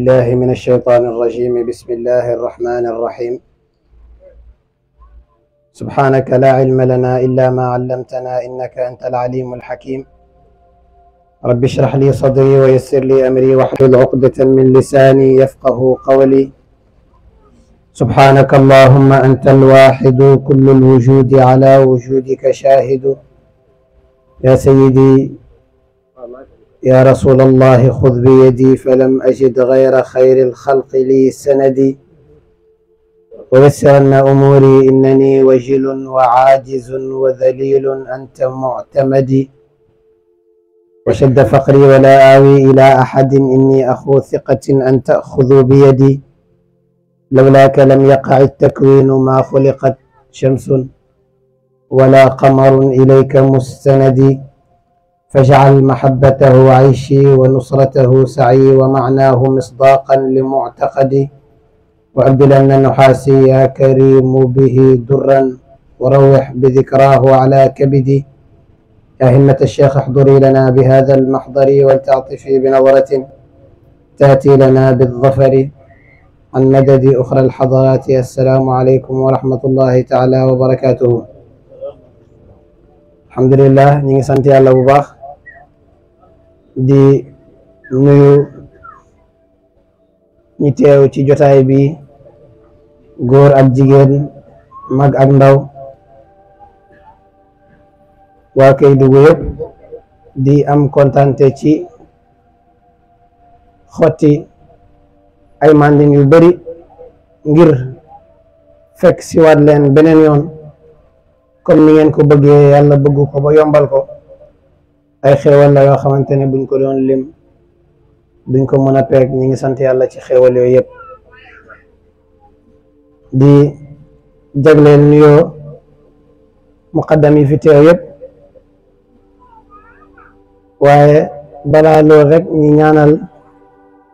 الله من الشيطان الرجيم بسم الله الرحمن الرحيم سبحانك لا علم لنا إلا ما علمتنا إنك أنت العليم الحكيم رب اشرح لي صدري ويسر لي أمري واحلل عقدة من لساني يفقه قولي سبحانك اللهم أنت الواحد كل الوجود على وجودك شاهد يا سيدي يا رسول الله خذ بيدي فلم أجد غير خير الخلق لي سندي ويسرن أموري إنني وجل وعاجز وذليل أنت معتمدي وشد فقري ولا آوي إلى أحد إني أخو ثقة أن تأخذوا بيدي لولاك لم يقع التكوين ما خلقت شمس ولا قمر إليك مستندي فاجعل محبته عيشي ونصرته سعي ومعناه مصداقا لمعتقدي لنا نحاسي يا كريم به درا وروح بذكراه على كبدي يا همة الشيخ احضري لنا بهذا المحضر ولتعطفي بنظرة تأتي لنا بالظفر عن مدد أخرى الحضارات السلام عليكم ورحمة الله تعالى وبركاته الحمد لله نيجي سنتي الله وباخ di nuyu ñi ci jotaay bi góor ak jigéen mag ak ndaw waa Kédougou yëpp di am kontante ci xotti ay màndin yu bari ngir fekk siwaat leen beneen yoon comme ni ngeen ko bëggee yàlla bëgg ko ba yombal ko ay xéewal la yoo xamante ne buñ ko doon lim duñ ko mën a peeg ñi ngi sant yàlla ci xéewal yoo yëpp di jagleel nuyoo muqaddam yi fi teew yëpp waaye balaa loolu rek ñi ñaanal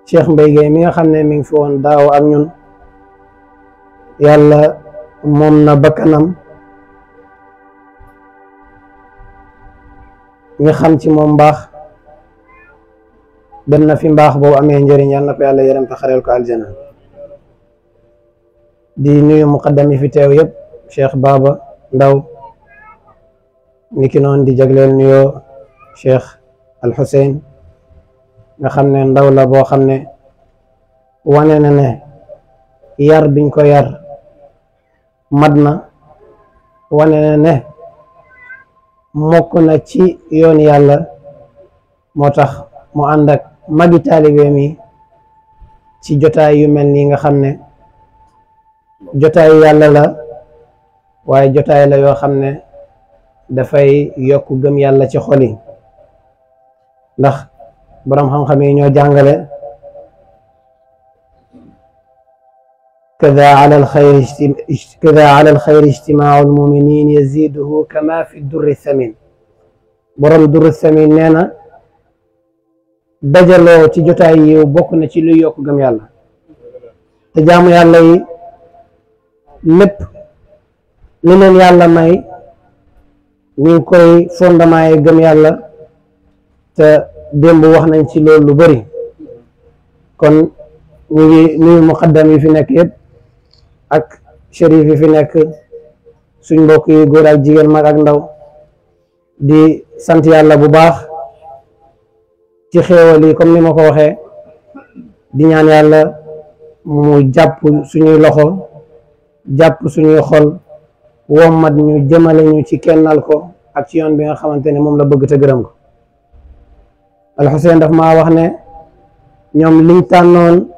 Cheikh Mbaye Guèye mi nga xam ne mi ngi fi daaw ak ñun yàlla moom na bakkanam ñu xam ci moom mbaax dem na fi mbaax boobu amee njëriñ yal na ko yàlla yërëm te xareel ko aljana di nuyu muqaddam fi teew yëpp cheikh baba ndaw niki noonu di jagleel nuyoo cheikh al Xuseyn nga xam ne ndaw la boo xam ne wane na ne yar biñ ko yar mat na wane na ne mokk na ci yoon yàlla moo tax mu àndak ak magi taalibeem ci jotaay yu mel nii nga xam ne jotaayu yàlla la waaye jotaay la yoo xam ne dafay yokk gëm yàlla ci xol ndax boroom xam-xam yi ñoo jàngale كذا على الخير كذا على الخير اجتماع المؤمنين يزيده كما في الدر الثمين برم الدر الثمين نانا دجالو تي جوتا يو بوكنا تي لو يوك غام يالا تجام يالا يي لب لنن يالا ماي كوي فوندماي غام يالا تا ديمب واخنا نتي لول لو بري كون نيي نيي مقدم في نك يب ak shérif yi fi nekk suñ mbokk yi góor ak jigéen mag ak ndaw di sant yàlla bu baax ci xéewal yi comme ni ma ko waxe di ñaan yàlla mu jàpp suñuy loxo jàpp suñuy xol wommat ñu jëmale ñu ci kennal ko ak ci yoon bi nga xamante ne moom la bëgg te gërëm ko alxuseen daf maa wax ne ñoom liñ tànnoon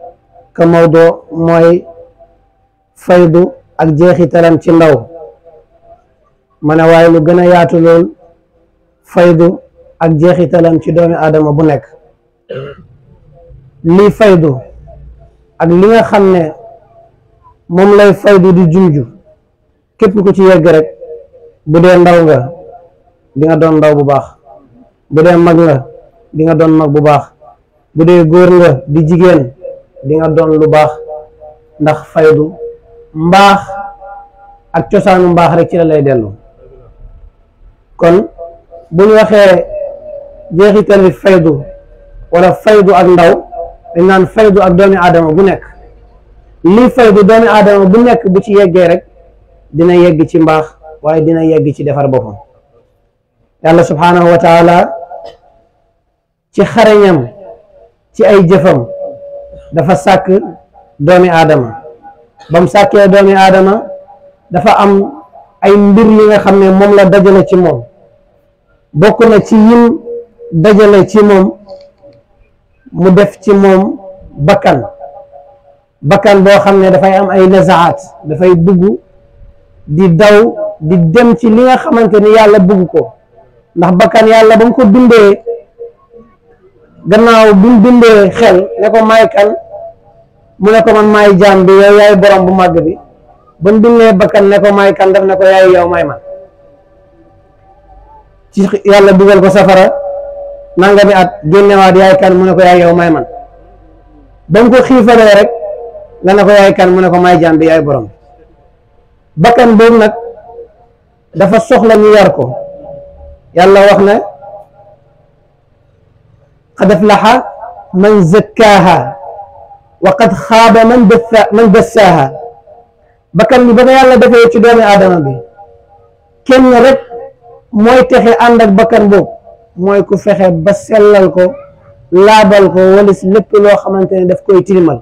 ka Maodo mooy faydu ak jeexi jeexitalam ci ndaw ma ne lu gën a yaatu lool faydu ak jeexi jeexitalam ci doomi aadama bu nekk lii faydu ak li nga xam ne moom lay faydu di junju képp ku ci yegg rek bu dee ndaw nga di nga doon ndaw bu baax bu dee mag nga di nga doon mag bu baax bu dee góor nga di jigéen di nga doon lu baax ndax faydu mbaax ak cosaanu mbaax rek ci la lay dellu kon bu ñu waxee jeexitali faydu wala faydu ak ndaw dañ naan faydu ak doomi aadama bu nekk lii faydu doomi aadama bu nekk bu ci yeggee rek dina yegg ci mbaax waaye dina yegg ci defar boppam yàlla subhaanahu wa taala ci xarañam ci ay jëfam dafa sàkk doomi aadama bam sàkkee doomi aadama dafa am ay mbir yi nga xam ne moom la dajale ci moom bokk na ci yim dajale ci moom mu def ci moom bakkan bakkan boo xam ne dafay am ay nazaat dafay dugg di daw di dem ci li nga xamante ni yàlla bëgg ko ndax bakkan yàlla ba ko bindee gannaaw bi mu xel ne ko may kan mu ne ko man maay jaam bi yaay borom bu màgg bi ba mu bindee bakkan ne ko maay kan def ne ko yaay yow maay man ci yàlla dugal ko safara nangami at génnewaat yaay kan mu ne ko yaay yow maay man ba mu ko xiifalee rek la ne ko yaay kan mu ne ko may jaam bi yaay borom bakkan boobu nag dafa soxla ñu yar ko yàlla wax ne qad aflaha man zakkaaha وقد خاب من دث من دساها بكم بنا يلا دفي تدوم آدم بي كن رك موي تخي عندك بكر بو موي كو فخي بسلل كو لابل كو ولس لب لو خمانتني دف كو يتلمل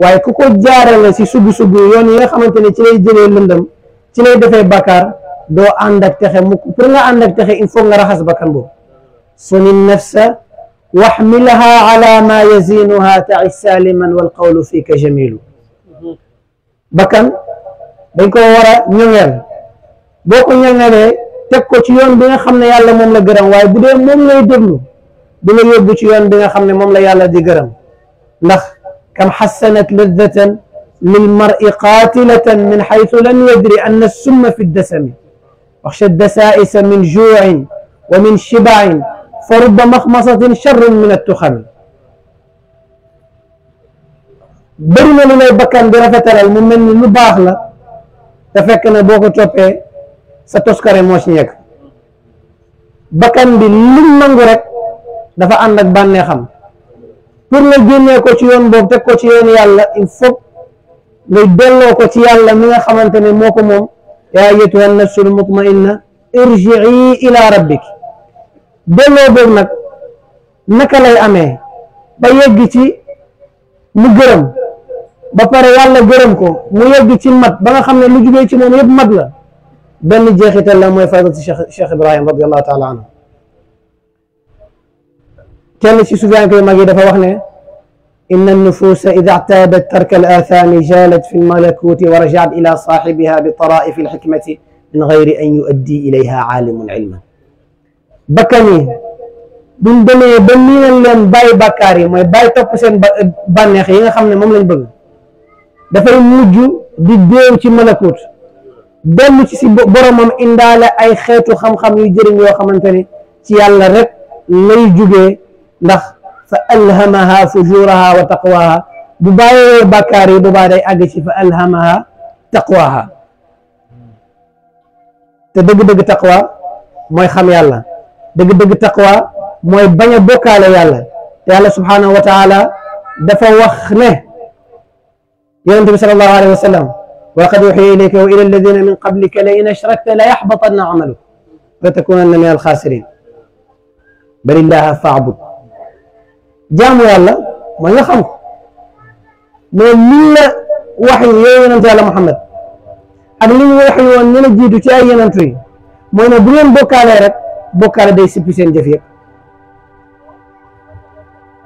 واي كو كو جار لا سي سوبو سوبو يون يا خمانتني تي لي جيني لندم تي لي دفي بكار دو عندك تخي مكو بور نغا عندك تخي انفو نغا رخص بكر بو سوني النفس واحملها على ما يزينها تعي سالما والقول فيك جميل بكن بينكو ورا نيغال بوكو نيغال تكو تي يون بيغا خامني يالا موم لا غرام واي بودي موم لاي دغلو بيغا يوبو تي يون بيغا خامني موم لا يالا دي غرام نخ كم حسنت لذة للمرء قاتلة من حيث لن يدري أن السم في الدسم وخشى الدسائس من جوع ومن شبع فرب مخمصة شر من التخم برنا لنا بكان برفتر المؤمن لباخلا تفكنا بوكو توبي ستسكر موشنيك بكان باللمنغ رك دفع عندك باني خم pour nga génnee ko ci yoon boobu teg ko ci yoon yàlla il faut nga delloo ko ci yàlla mi nga xamante ne moo ko moom yaa ayatuha annafsu almutmainna irjii ila rabbiki delloo boobu nak naka lay amé ba yegg ci mu gërëm ba pare yàlla gërëm ko mu yegg ci mat ba nga xamné lu jugee ci mom yëpp mat la ben jeexital la moy faydati Cheikh Cheikh Ibrahim allah taala anhu kenn ci sufiyanke kay magi dafa wax ne إن النفوس إذا اعتادت ترك الآثام جالت في الملكوت ورجعت إلى صاحبها بطرائف الحكمة من غير أن يؤدي إليها عالم علما bakkan yi buñ demee ba niinal leen bàyyi bàkkaar yi mooy bàyyi topp seen bànneex yi nga xam ne moom lañu bëgg dafay mujj di déew ci malakut dellu ci si boromam indaale ay xeetu xam-xam yu jëriñ yoo xamante ne ci yàlla rek lay jugee ndax fa alhamaha fujuraha wa taqwaha bu bàyyee bàkkaar yi bu baa day àgg ci fa alhamaha taqwaha te dëgg-dëgg taqwa mooy xam yàlla dëgg-dëgg taqwa mooy bañ a bokkaale yàlla yàlla subhanahu wa taala dafa wax ne yonent bi sallallahu alayhi wa sallam wa laqad uxiya ilayka wa ila alladina min qablika la in ashrakta la yaxbatanna amalu wa takunanna min alxaasirin bal illaha faabud jaamu yàlla mooy nga xam ko mais lii la wax yi yow yonent yàlla Muhammad ak li ñu wax yi woon ñu la jiitu ci ay yonent yi mooy ne bu ngeen bokkaalee rek bokkaale day sippi seen jëf yëpp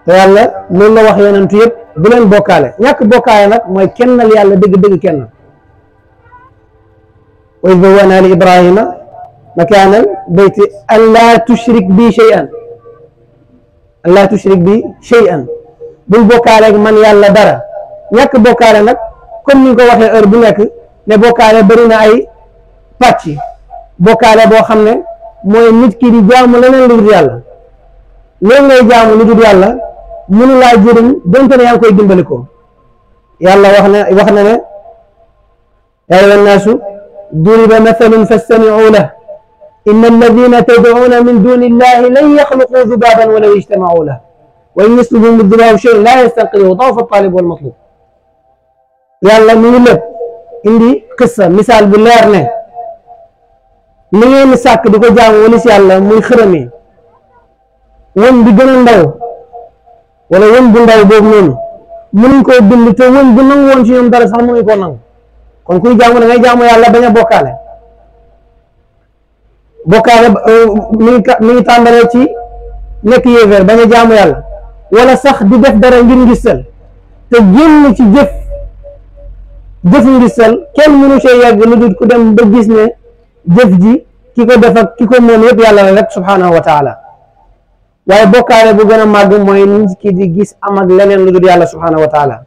te yàlla loolu la wax yonentu yëpp bu leen bokkaale ñàkk bokkaale nag mooy kennal yàlla dégg dëgg kennal wa iz bawwa'naa li ibrahima makaanal bayti an laa tushrik bi shay'an an laa tushrik bi shay'an bul bokkaale man yàlla dara ñàkk bokkaale nag comme ni ko waxee heure bu nekk ne bokkaale bëri na ay pàcc bokkaale boo xam ne mooy nit ki di jaamu leneen lu dul yàlla loolu ngay jaamu lu dul yàlla mënu laa jëriñ donte ne yaa ngi koy dimbali ko yàlla wax na wax na ne yaa ayyuha nnaasu duriba mathalun fastami'u lahu inna alladina tad'una min duni llahi lan yaxluqu zubaban walaw ijtama'u lahu wa in yaslubhum dubaabu shay'un laa yastanqidhuhu da'fa at-taalib wal matlub yàlla mi ngi lépp indi qissa misaal bu leer ne li ngeen sàkk di ko jaamu walis yàlla muy xërëm yi won bi gën a ndaw wala won bu ndaw boobu noonu mënuñ koo bind te won bu nangu woon ci ñoom dara sax mënuñ koo nangu kon kuy jaamu da ngay jaamu yàlla bañ a bokkaale bokkaale euh, mi ngi mi ngi ci nekk yéeféer bañ a jaamu yàlla wala sax di def dara ngir ngistal te génn ci jëf jëf ngistal kenn mënu see yàgg lu dul ku dem ba gis ne jëf ji ki ko def ak ki ko moom yëpp yàlla la rek subhanahu wa taala waaye bokkaale bu gën a màgg mooy nit ki di gis am ak leneen lu dul yàlla subhanahu wa taala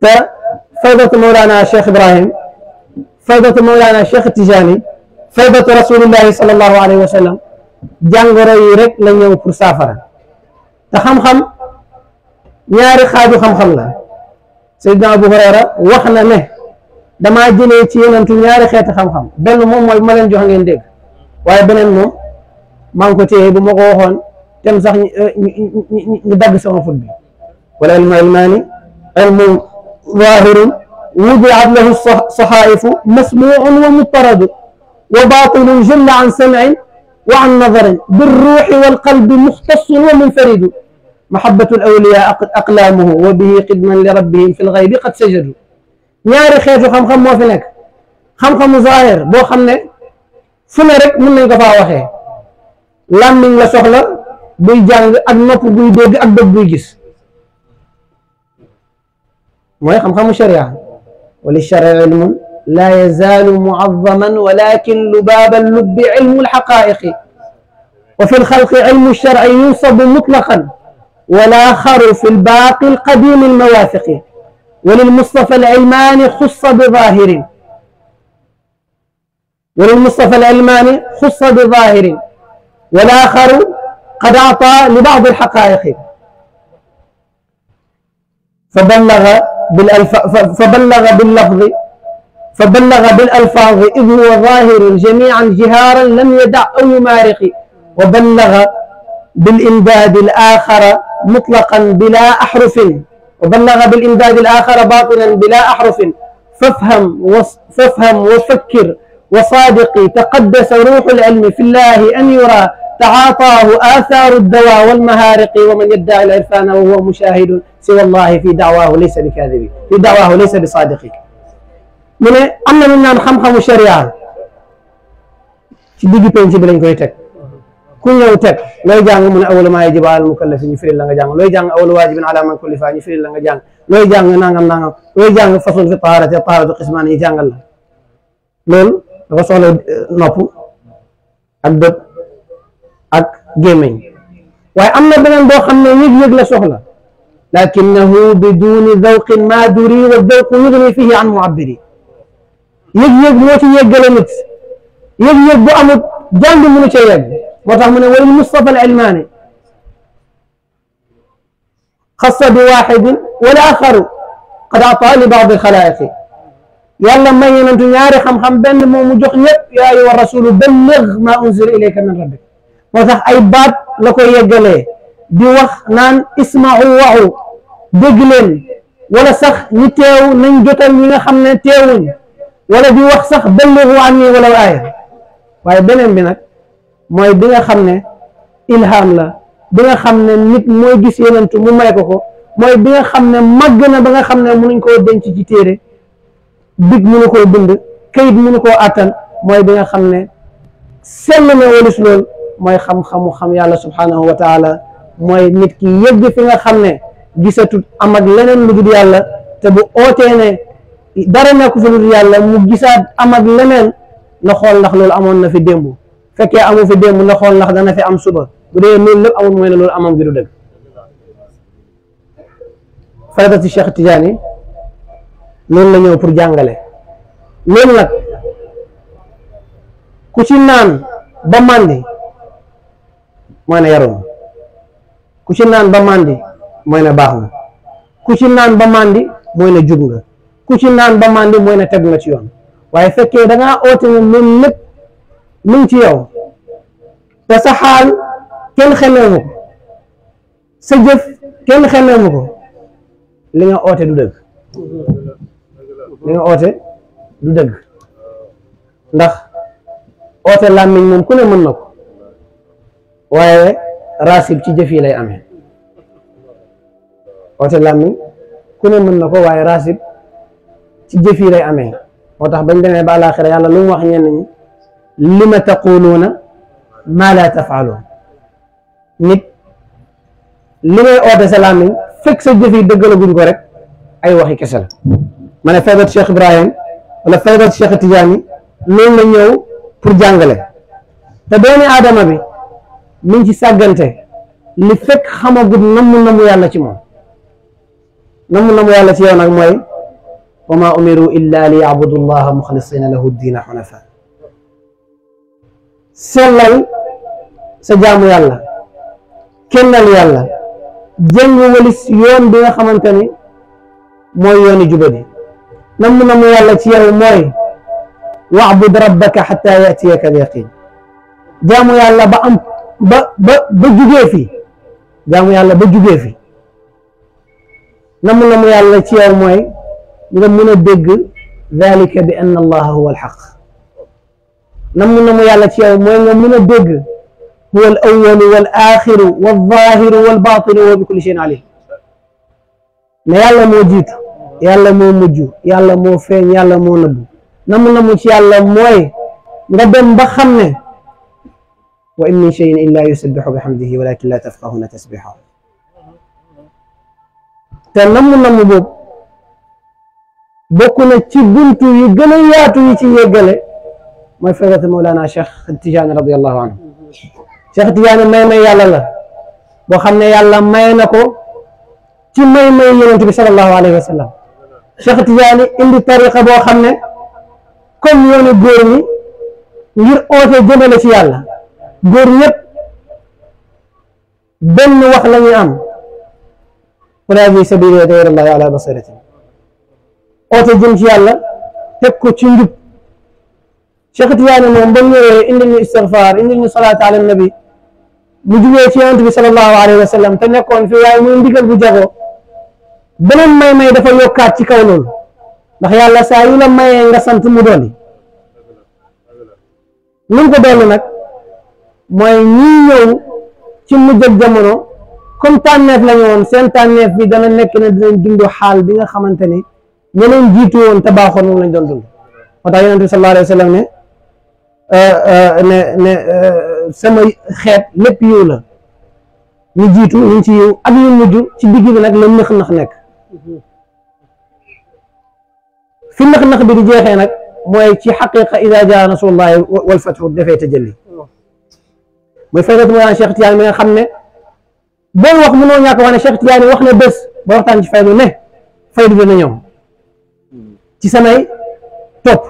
te faydatu mawlaana cheikh ibrahim faydatu mawlaana cheikh tijani faydatu rasulillahi sallallahu alayhi wa sallam jàngoro yi rek la ñëw pour saafara te xam-xam ñaari xaaju xam-xam la sayyidina abu hurayra wax na ne dama jëlé ci yenentu ñaari xeeti xam-xam benn moom mooy ma leen jox ngeen dégg waaye beneen moom maa ngi ko téye bu ma ko waxoon tem sax ñu dagg sama fut bi wala ilmu ilmaani ilmu zahirun wudiat lahu saxaifu masmuun wa mutaradu wa batilun jalla an samcin wa an nadarin bilruuxi walqalbi muxtasun wa munfaridu mahabatu alawliya aqlaamuhu wa bihi xidman li rabbihim fi lgaybi qad sajadu ñaari xeetu xam-xam moo fi nekk xam-xamu zaahir boo xam ne fu ne rek mën nañ ko faa waxee làmmiñ la soxla buy jàng ak nopp buy dégg ak bët buy gis mooy xam-xamu sharia wa sharia ilmun laa yazaalu muazzaman walakin lubaaba lubbi ilmu alxaqaaiqi wa fi lxalqi ilmu sharci yunsabu mutlaqan wala xaru fi lbaaqi alqadiimi almawaathiqi وللمصطفى العلماني خص بظاهر وللمصطفى العلماني خص بظاهر والآخر قد أعطى لبعض الحقائق فبلغ بالألف... فبلغ باللفظ فبلغ بالألفاظ إذ هو ظاهر جميعا جهارا لم يدع أو يمارق وبلغ بالإمداد الآخر مطلقا بلا أحرف وبلغ بالإمداد الآخر باطنا بلا أحرف فافهم فافهم وفكر وصادقي تقدس روح العلم في الله أن يرى تعاطاه آثار الدواء والمهارق ومن يدعي العرفان وهو مشاهد سوى الله في دعواه ليس بكاذب في دعواه ليس بصادق من ne am الشريعة lu naan xam-xamu كل يوم تك لو جان من اول ما يجب على المكلفين يفر الله جان لو جان اول واجب على من كل فان يفر الله جان لو جان نانغام نانغام لو جان فصل في طهارة طهارة قسمان يجان الله لول رسول نوبو اك دب اك جيمين واي اما بنان بو خمنا يجي يجل سهلا لكنه بدون ذوق ما دري والذوق يغني فيه عن معبري يجي يجل موتي يجل نتس يجي يجل بو امو جانب منو وضعه من المصطفى العلماني خص بواحد والآخر قد أعطى لبعض خلائقه يلا ما ينجون يا رحم حم بن مو مجخن يا أيها الرسول بلغ ما أنزل إليك من ربك وضح أي باب لكو يقلي بوخ نان اسمعوا وعو بقلل ولا سخ نتاو من جوتا من خم نتاو ولا بوخ سخ بلغوا عني ولو آية وهي بنا منك mooy bi nga xam ne ilham la bi nga xam ne nit mooy gis yenentu mu may ko ko mooy bi nga xam ne màgg na ba nga xam ne mënuñ koo denc ci téere dig mënu koo bind kayit mënu koo àttan mooy bi nga xam ne sell na mooy xam-xamu xam yàlla subhanahu wa mooy nit ki yëgg fi nga xam ne gisatut am ak leneen lu dul yàlla te bu ootee ne dara nekku fi lu dul yàlla mu gisaat am ak leneen la xool ndax loolu amoon na fi démb fekkee amu fi démb na xool ndax dana fi am suba bu dee loolu lépp amul mooy ne loolu amam gi du dëgg faydati Cheikh Tidiane loolu la ñëw pour jàngale loolu nag ku ci naan ba màndi mooy ne yarum ku ci naan ba màndi mooy ne baax nga ku ci naan ba màndi mooy jub nga ku ci naan ba màndi mooy ne teg nga ci yoon waaye fekkee dangaa oote ne loolu lépp mu ci yow te sa xaal kenn xemeemu ko sa jëf kenn xemeemu ko li nga oote du dëgg li nga oote du dëgg ndax oote làmmiñ moom ku ne mën na ko waaye raasib ci jëf yi lay amee oote làmmiñ ku ne mën na ko waaye raasib ci jëf yi lay amee moo tax bañ demee ba àlaaxira yàlla lu mu wax ñenn ñi lima taquluuna maa laa tafaaluun nit li ngay oote sa làmmiñ fekk sa jëf yi dëggalaguñ ko rek ay waxi kese la ma ne faydat Cheikh Ibrahim wala faydat Cheikh Tidiane loolu la ñëw pour jàngale te doomi aadama bi mi ngi ci sàggante li fekk xamagut namu namu yàlla ci moom namu namu yàlla ci yow nag mooy wa maa umiru illa li yabudu allaha muxlisina lahu diina xunafa sellal sa jaamu yàlla kennal yàlla jëng walis yoon bi nga xamante ni mooy yooni jubadi namm namu yàlla ci yow mooy waabud rabbaka xata yatiyaka al yaqin jaamu yàlla ba am ba ba ba jugee fi jaamu yàlla ba jugee fi namm namu yàlla ci yow mooy nga mën a dégg dalika bi anna allaha huwa alxaq نمو نمو يالا تي يوم مين من الدق هو الاول والاخر والظاهر والباطن وهو بكل شيء عليه لا يالا مو جيت يالا مو يا يالا مو فين يالا مو نبو نمو نمو تي يالا موي نغا دم با خامني وان من شيء الا يسبح بحمده ولكن لا تفقهون تسبيحه تنم نم بوب بوكو نتي بنتو يغلا ياتو يتي يغلا مفردة مولانا Cheikh Tidiane radiyallahu anhu Cheikh Tidiane may may yàlla la boo xam ne yàlla may na ko ci may may yonent bi sallallahu alayhi wa sallam Cheikh Tidiane indi tariqa boo xam ne comme yoonu góor ñi ngir oote jëmale ci yàlla góor ñëpp benn wax la ñuy am qul haazihi sabiilii ad'uu ilallaahi alaa basiratin oote jëm ci yàlla teg ko ci njub Cheikh Tidiane moom ba mu ñëwee indil ñu istigfaar indil ñu salaat ala nabi bu bi sallallahu alayhi nekkoon fi waaye muy ndigal bu dafa yokkaat ci kaw loolu ndax yàlla saa yu la mayee nga sant mu doon lu mu ko doon nag mooy ñii ñëw ci mujj ak jamono comme tànneef la woon seen tànneef bi dana nekk ne dinañ dund xaal bi nga xamante ne ñeneen jiitu woon te baaxoon moom lañ doon dund moo tax yonent bi sallallahu alayhi wa ne ne ne sama xeet lépp yiw la ñu jiitu ñu ci yiw ak ñu mujj ci digg bi nag la nëx nax nekk fi nax nax bi di jeexee nag mooy ci xaqiqa ida jaa nasrullahi wal fathu dafay tajalli mooy faydatu Mawlana Cheikh Tidiane mi nga xam ne boo wax mënoo ñàkk wax ne Cheikh Tidiane wax na bés ba waxtaan ci faydu ne faydu dina ñëw ci samay topp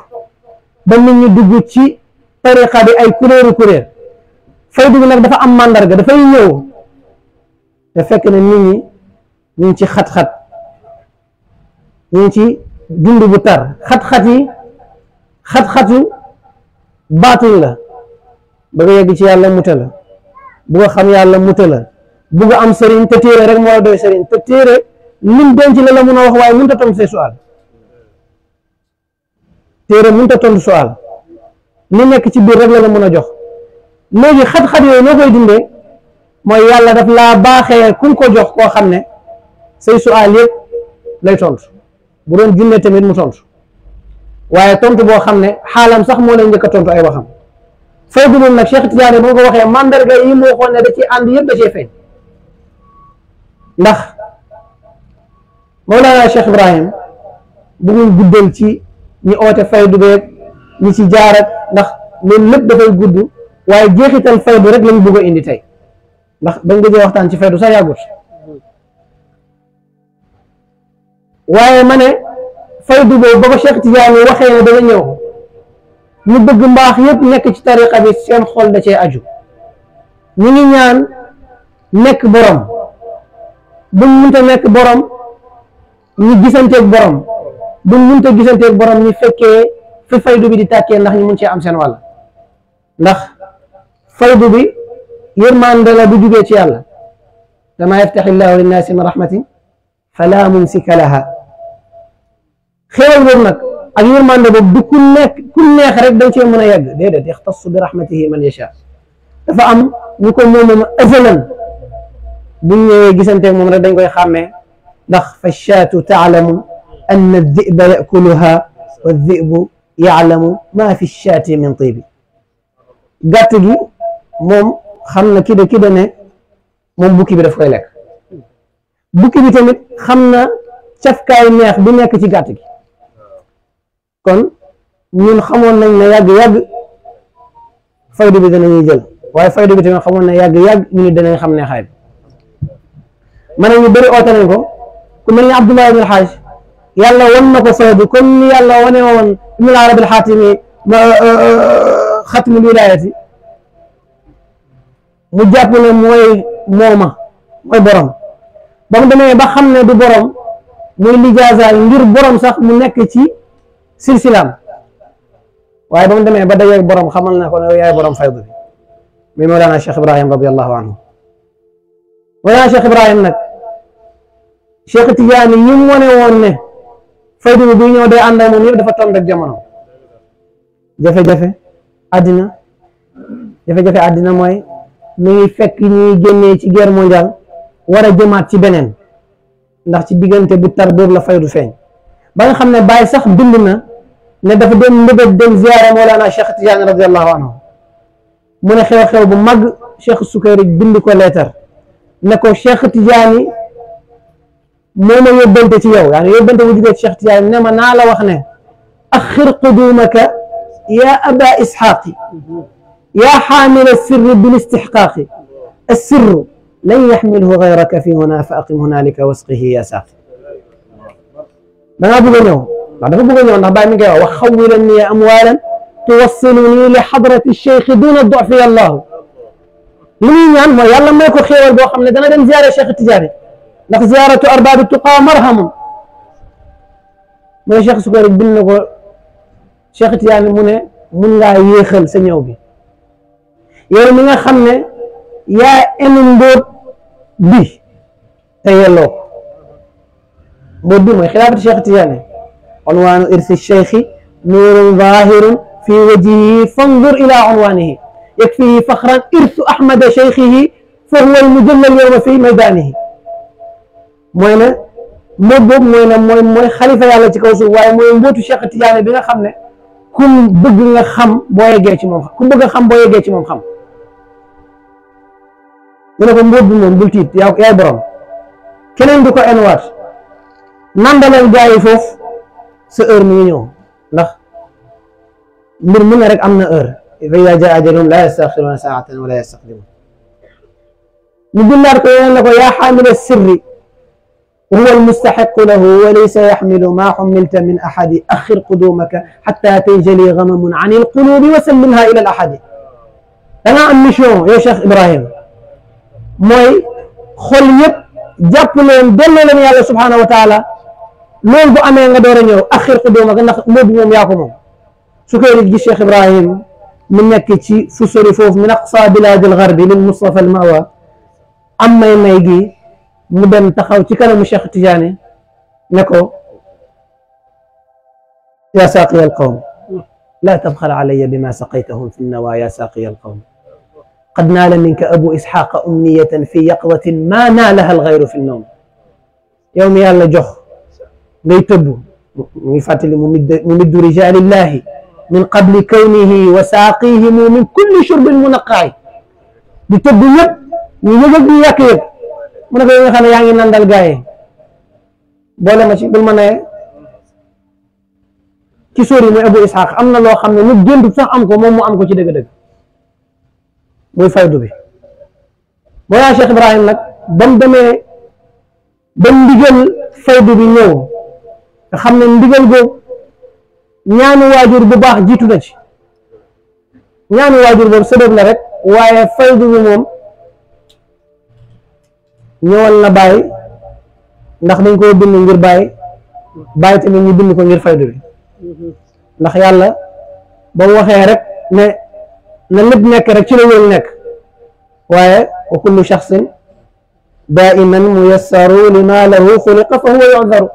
ba nit ñi dugg ci tariqa bi ay kuréelu kuréel faydu bi nag dafa am màndarga dafay ñëw te fekk ne nit ñi ñu ngi ci xat-xat ñu ngi ci dund bu tar xat-xat yi xat-xatu xat baatin la bëgg a yegg ci yàlla muta la bëgg a xam yàlla muta la bëgg a am sëriñ te téere rek moo la doy sëriñ te téere lim denc la la mun a wax waaye mënut a tontu say suwaal téere mënut te tontu suwaal li nekk ci biir rek la la mën a jox léegi xat-xat yooyu noo koy dundee mooy yàlla daf laa baaxee kum ko jox koo xam ne say suaal yëpp lay tontu bu doon junne tamit mu tontu waaye tontu boo xam ne xaalam sax moo lay njëkk a tontu ay waxam foogu moom nag Cheikh Tidiane bu ko waxee mandarga yi mu waxoon ne da ci ànd yëpp da cee feeñ ndax Mawlana Cheikh Ibrahim bu ñu ci ñi oote faydu beeg ñi ci jaarat ndax loolu lépp dafay gudd waaye jeexital faydu rek lañu bëgg indi tey ndax bañ gëjee waxtaan ci faydu sax yàggut waaye ma ne faydu boobu ba ko Cheikh Tidiane waxee ne dana ñëw ñu bëgg mbaax yépp nekk ci tariqa bi seen xol da cee aju ñu ngi ñaan nekk borom buñ munta nekk borom ñu gisanteeg borom buñ munta gisanteeg borom ñu fekkee في فايدو بي دي تاكي ناخ ني مون سي ام سين والا ناخ فايدو بي يرماندلا بي جوغي سي يالا كما يفتح الله للناس من رحمه فلا ممسك لها خيرو نك اك يرماند بوب دو كل نيك كل نيك رك دنج سي مونا ياغ ديدت يختص برحمته من يشاء دافا ام نيكو مومو ازلا بو نيي غيسنتي موم رك دنج خامي ناخ فشات تعلم ان الذئب ياكلها والذئب yaalamu maa fi shaati min tibi gàtt gi moom xam na ki de ki ne moom bukki bi daf koy lekk bukki bi tamit xam na cafkaay neex bi nekk ci gàtt gi kon ñun xamoon nañ ne yàgg-yàgg faydu bi danañuy jël waaye faydu bi tamit xamoon na yàgg-yàgg ñu nit danañ xam ne xaay bi ma ne ñu ko ku mel ni Abdullah ibn Alxaaj yàlla wan na ko faydu comme ni wane woon من عرب الحاتمي آه، آه، آه، ختم ولايتي مجاب لي موي موما موي بروم بام دمي با خامني دو بروم موي لي جازال ندير بروم صاح مو نيك سي سلسلام واي بام دمي با داي بروم خامل نكو نو ياي بروم فايد في مي مولانا الشيخ ابراهيم رضي الله عنه ولا شيخ ابراهيم نك شيخ تياني يم وني وني faydu bi buy ñëw day ànd ak moom yëpp dafa tombe ak jamono jafe-jafe àddina jafe-jafe àddina mooy mi ngi fekk ñuy génnee ci guerre mondiale war a jëmaat ci beneen ndax ci diggante bu tar boobu la faydu feeñ ba nga xam ne bàyyi sax bind na ne dafa doon mbébét dem ziyaara Mawlana Cheikh Tidiane radiallahu anhu mu ne xew-xew bu mag Cheikh Sukayrij bind ko leetar ne ko Cheikh Tidiane موما يوبنتي تي يو يعني يوبنتي وجدت الشيخ تي انما نالا اخر قدومك يا ابا اسحاق يا حامل السر بالاستحقاق السر لن يحمله غيرك في هنا فاقم هنالك واسقه يا ساقي انا بغنيو بعد بغنيو انا باي مي وخولني اموالا توصلني لحضره الشيخ دون الضعف يا الله لمين يا الله ما يكون خير بو خمنا زياره شيخ التجاري لك زيارة أرباب التقى مرهم مو شيخ بن بلغو شيخ تيان من من لا يخل سنيو بي يعني من خمنا يا إمن بور بي تيالو بودو مي خلافة شيخ تيان عنوان إرث الشيخ نور ظاهر في وجهه فانظر إلى عنوانه يكفيه فخرا إرث أحمد شيخه فهو المجلل يوم في ميدانه mooy ne mot boobu mooy ne mooy mooy xalifa yàlla ci kaw suuf waaye mooy mbootu Cheikh Tidiane bi nga xam ne ku bëgg nga xam boo yeggee ci moom xam ku bëgg a xam boo yeggee ci moom xam ñu ne ko mbóot bi moom bul tiit yaa yaay borom keneen di ko enwaat nandaleel gaa yi foofu sa heure mi ngi ñëw ndax mbir mu ne rek am na heure idaa jaa ajaluhum laa yastaxiruuna saatan wala yastaqdimuun ñu bindaat ko yeneen ne ko yaa xaamila sirri هو المستحق له وليس يحمل ما حملت من أحد أخر قدومك حتى تنجلي غمم عن القلوب وسلمها إلى الأحد أنا عمي شو يا شيخ إبراهيم موي خليب جابلين دلين يا الله سبحانه وتعالى لول بو امي nga doore ñew akhir ko doom nga nax mo bi mom ya ko mom su ko yit gi cheikh ibrahim mu nek ci fu soori fofu min aqsa bilad al gharb mu dem taxaw ci kanam Cheikh Tidiane ne ko yaa ساقي القوم laa tabxal alaya bima saqaytahum fi nnawa yaa saaqiya alqawm قد نال منك أبو إسحاق أمنية في يقظة ما نالها الغير في النوم يوم يالا جخ بيتبو يفاتل ممد رجال الله من قبل كونه وساقيهم من كل شرب منقع بتبو يب ويجب يكيب mu ne ko nga xam ne yaa ngi nandal gaa yi boole ma ci bul ma eh. ne ci sóor abu ishaq am na loo xam ne ñu géntut sax am ko moom mu am ko ci dëgg-dëgg muy faydu bi mooyaa Cheikh Ibrahim nag ba mu demee ba ndigal faydu bi ñëw nga xam ne ndigal waajur bu baax jiitu na ci ñaanu waajur boobu sëbëb la rek waaye faydu bi moom ñëwal na bay ndax dañ ko bind ngir bay bay tamit ñu bind ko ngir faydu bi ndax yàlla ba waxe rek ne na lépp nek rek ci la ñuy nek waye wa kullu shakhsin daiman muyassaru lima lahu xuliqa fa huwa yuxdaru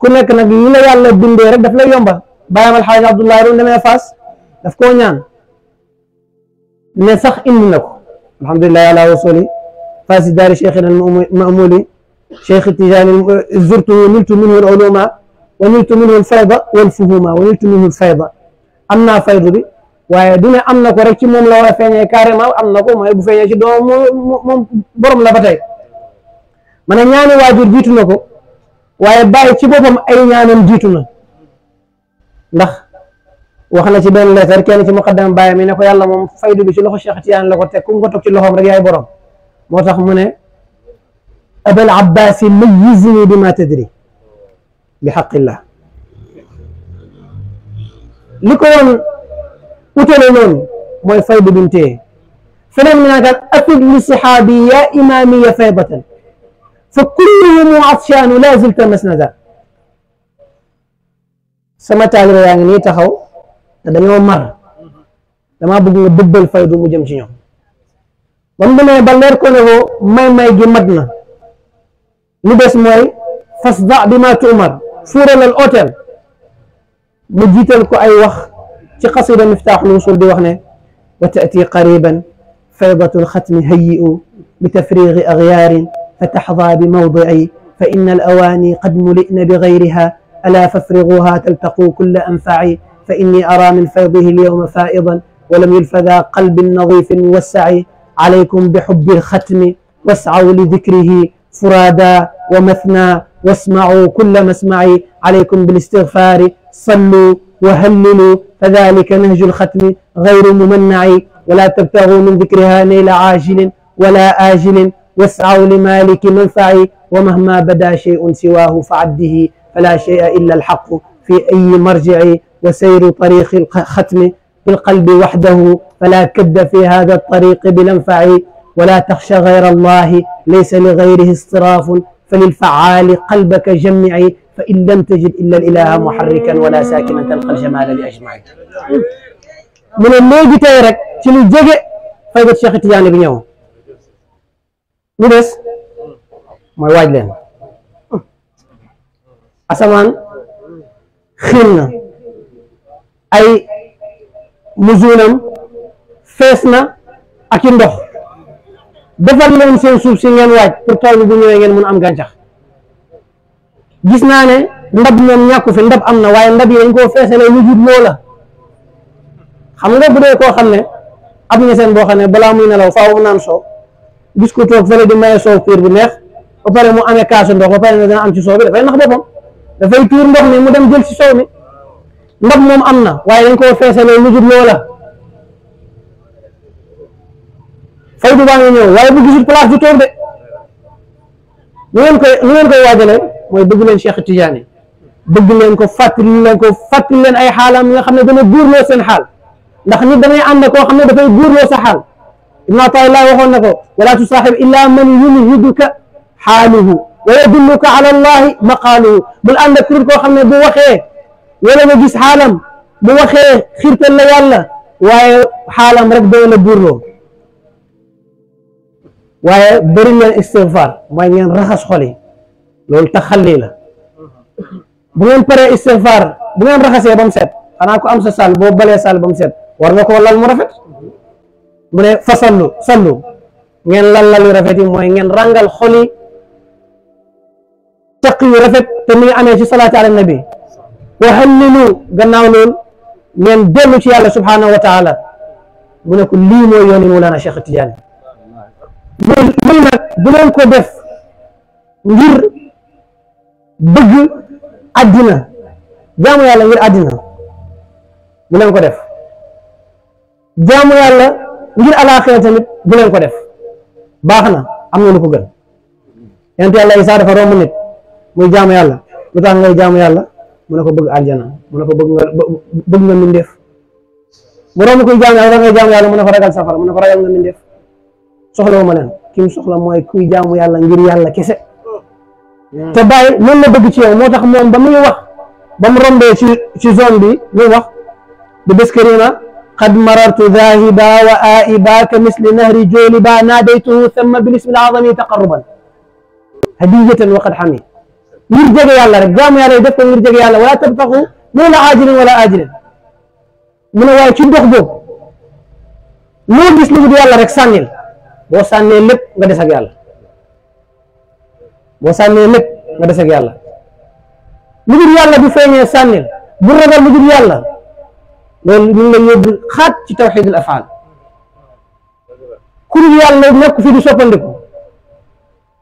ku nekk nag li la yàlla bindee rek daf lay yombal bàyyam alxaaj abdullahi bi mu demee faas daf koo ñaan ne sax indi na ko ala wasuli فاسد دار شيخنا المأمولي شيخ التجاني زرته ونلت منه العلوم ونلت منه الفيض والفهوم ونلت منه الفيض أنا فيض بي ودنا أما كوريك موم لا فين يا كارم أما كوم يبو فين يا شدو موم بروم لا باتاي من نياني واجور جيتو نكو waye baye ci bopam ay ñaanam jitu na ndax wax na ci ben lettre kenn ci mu xadam baye mi ne ko yalla mom faydu bi ci loxo cheikh tiyan موتاخ من ابا العباس ميزني بما تدري بحق الله لكون وتلون موي فايد بنتي فلم نذهب افد لصحابي يا امامي فيضة فكلهم عطشان لا زلت مسندا سمعت على يعني تخاو دا مر دا ما بغي نبدل فايد مو جيم ولكن يقولون ان ماي ماي جي مدنا لي ديس موي فصدع بما تؤمر فور للاوتيل مو جيتال كو اي واخ تي قصيده مفتاح الوصول دي واخني وتاتي قريبا فيضه الختم هيئ بتفريغ اغيار فتحظى بموضعي فان الاواني قد ملئن بغيرها الا فافرغوها تلتقوا كل انفعي فاني ارى من فيضه اليوم فائضا ولم يلفذا قلب نظيف والسعي عليكم بحب الختم واسعوا لذكره فرادا ومثنى واسمعوا كل مسمع عليكم بالاستغفار صلوا وهللوا فذلك نهج الختم غير ممنع ولا تبتغوا من ذكرها نيل عاجل ولا آجل واسعوا لمالك منفع ومهما بدا شيء سواه فعده فلا شيء إلا الحق في أي مرجع وسير طريق الختم في القلب وحده فلا كد في هذا الطريق بالانفع ولا تخشى غير الله ليس لغيره اصطراف فللفعال قلبك جمع فإن لم تجد إلا الإله محركا ولا ساكنا تلقى الجمال لأجمعك من الليل بتيرك شنو rek فايدة الشيخ jege faydat Cheikh Tidiane bi ñëw ñu des mooy mu nuzulan fees na ak i ndox defar leen seen suuf si ngeen waaj pour tool bi bu ñëwee ngeen mun am gàncax gis naa ne ndab moom ñàkku fi ndab am na waaye ndab yi dañ koo feesalee lu jub loola xam nga bu dee koo xam ne ab nga seen boo xam ne balaa muy nelaw faaw mu naan soow gis ko toog fële di maye soow piir bu neex ba pare mu amee kaasu ndox ba pare ne dana am ci soow bi dafay nax boppam dafay tuur ndox mi mu dem jël ci soow mi ndab moom am na waaye dañ koo feesalee lu jub loola faydu baa ngi ñëw waaye bu gisul place du toog de nu ngeen koy nu ngeen koy waajalee mooy bëgg leen Cheikh Tidiane bëgg leen ko fàttali leen ko fàttali leen ay xaalam nga xam ne dana guurloo seen xaal ndax nit danay ànd koo xam ne dafay guurloo sa xaal ibn Ataillah waxoon na ko wala tu tusaaxib illa man yulhiduka xaaluhu wa yadulluka ala allahi maqaaluhu bul ànd ak koo xam ne bu waxee wala nga gis xalam bu waxe xirtal la yalla waye xalam rek do la burlo waye bari na istighfar mooy ngeen raxas xoli lol loolu taxalli la bu ngeen pare istighfar bu ngeen raxase bam set ana ko am sa sal bo balé sal bam set war nga ko lal mu rafet mu ne fa sallu sallu ngeen lal lalu rafet yi mooy ngeen rangal xoli yi rafet te mi amé ci salatu ala nabi wa hallilu gannaaw loolu ngeen dellu ci yàlla subhaanahu wa mu ne ko lii mooy yooni Mawlana Cheikh Tidiane loolu loolu ko def ngir bëgg àddina jaamu yàlla ngir àddina bu ko def jaamu yàlla ngir alaaxira tamit bu ko def baax na am na lu ko gën yonent yàlla Isaa dafa romb nit muy jaamu yàlla lu tax ngay jaamu yàlla mu ne ko bëgg aljana mu ne ko bëgg nga bëgg nga mbindeef borom kuy jaam yàlla dangay jaam yàlla mu ne ko ragal safara mu ne ko ragal nga mbindeef soxla wu ma leen ki mu soxla mooy kuy jaamu yàlla ngir yàlla kese te bàyyi noonu la bëgg ci yow moo tax moom ba muy wax ba mu rombee ci ci zone bi muy wax di béskarina qad marartu zahiba wa aiba ka misli nahri joliba naadaytuhu thumma bilismi alazami taqarruban hadiyatan wa qad xami ngir jege yàlla rek jaamu yàlla yi def ko ngir jege yàlla wala tabtaxu loolu aajilan wala aajilan mu ne waaye ci ndox boobu loo gis lu dul yàlla rek sànnil boo sànnee lépp nga des ak yàlla boo sànnee lépp nga des ak yàlla lu dul yàlla bu feeñee sànnil bu ragal lu dul yàlla loolu ñu ngi lay yóbbu xaat ci tawxidul afaal ku dul yàlla nekk fi du soppandiku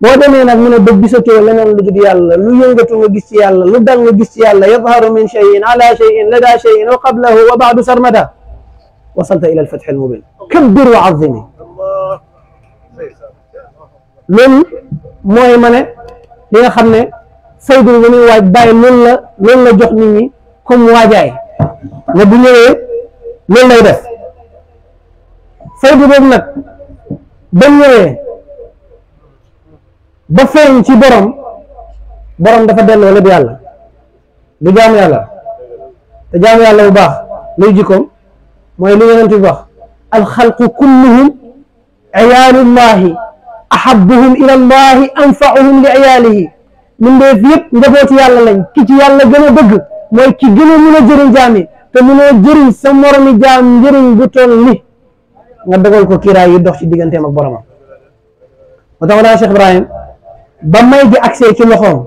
ودمي نك من دبيسوتي ولا نون لجدي يالا لو ييغاتو ما غيس يالا لو دانو غيس يالا يظهر من شيء على شيء لدى شيء وقبله وبعد سرمدا وصلت الى الفتح المبين كبر وعظمي الله من موي ماني ليغا خامني سيد ني واي باي لول لا لول لا جوخ نيت ني كوم واجاي لا بو نيوي لول لاي ديف سيد بوب نك بن نيوي ba feeñ ci borom borom dafa delloo lépp yàlla du jaamu yàlla te jaamu yàlla bu baax luy jikkoom mooy lu yonent bi wax alxalqu kulluhum ciyaalullahi ahabuhum ila allahi anfauhum li ciyaalihi min def yëpp njabooti yàlla lañ ki ci yàlla gën a bëgg mooy ki gën a mun a jëriñ jaami te munoo jëriñ sa moromi jaam njëriñ bu toll ni nga dogal ko kiiraay yi dox ci digganteem ak boromam moo tax Cheikh Ibrahim ba دي اكسي accès ci loxoom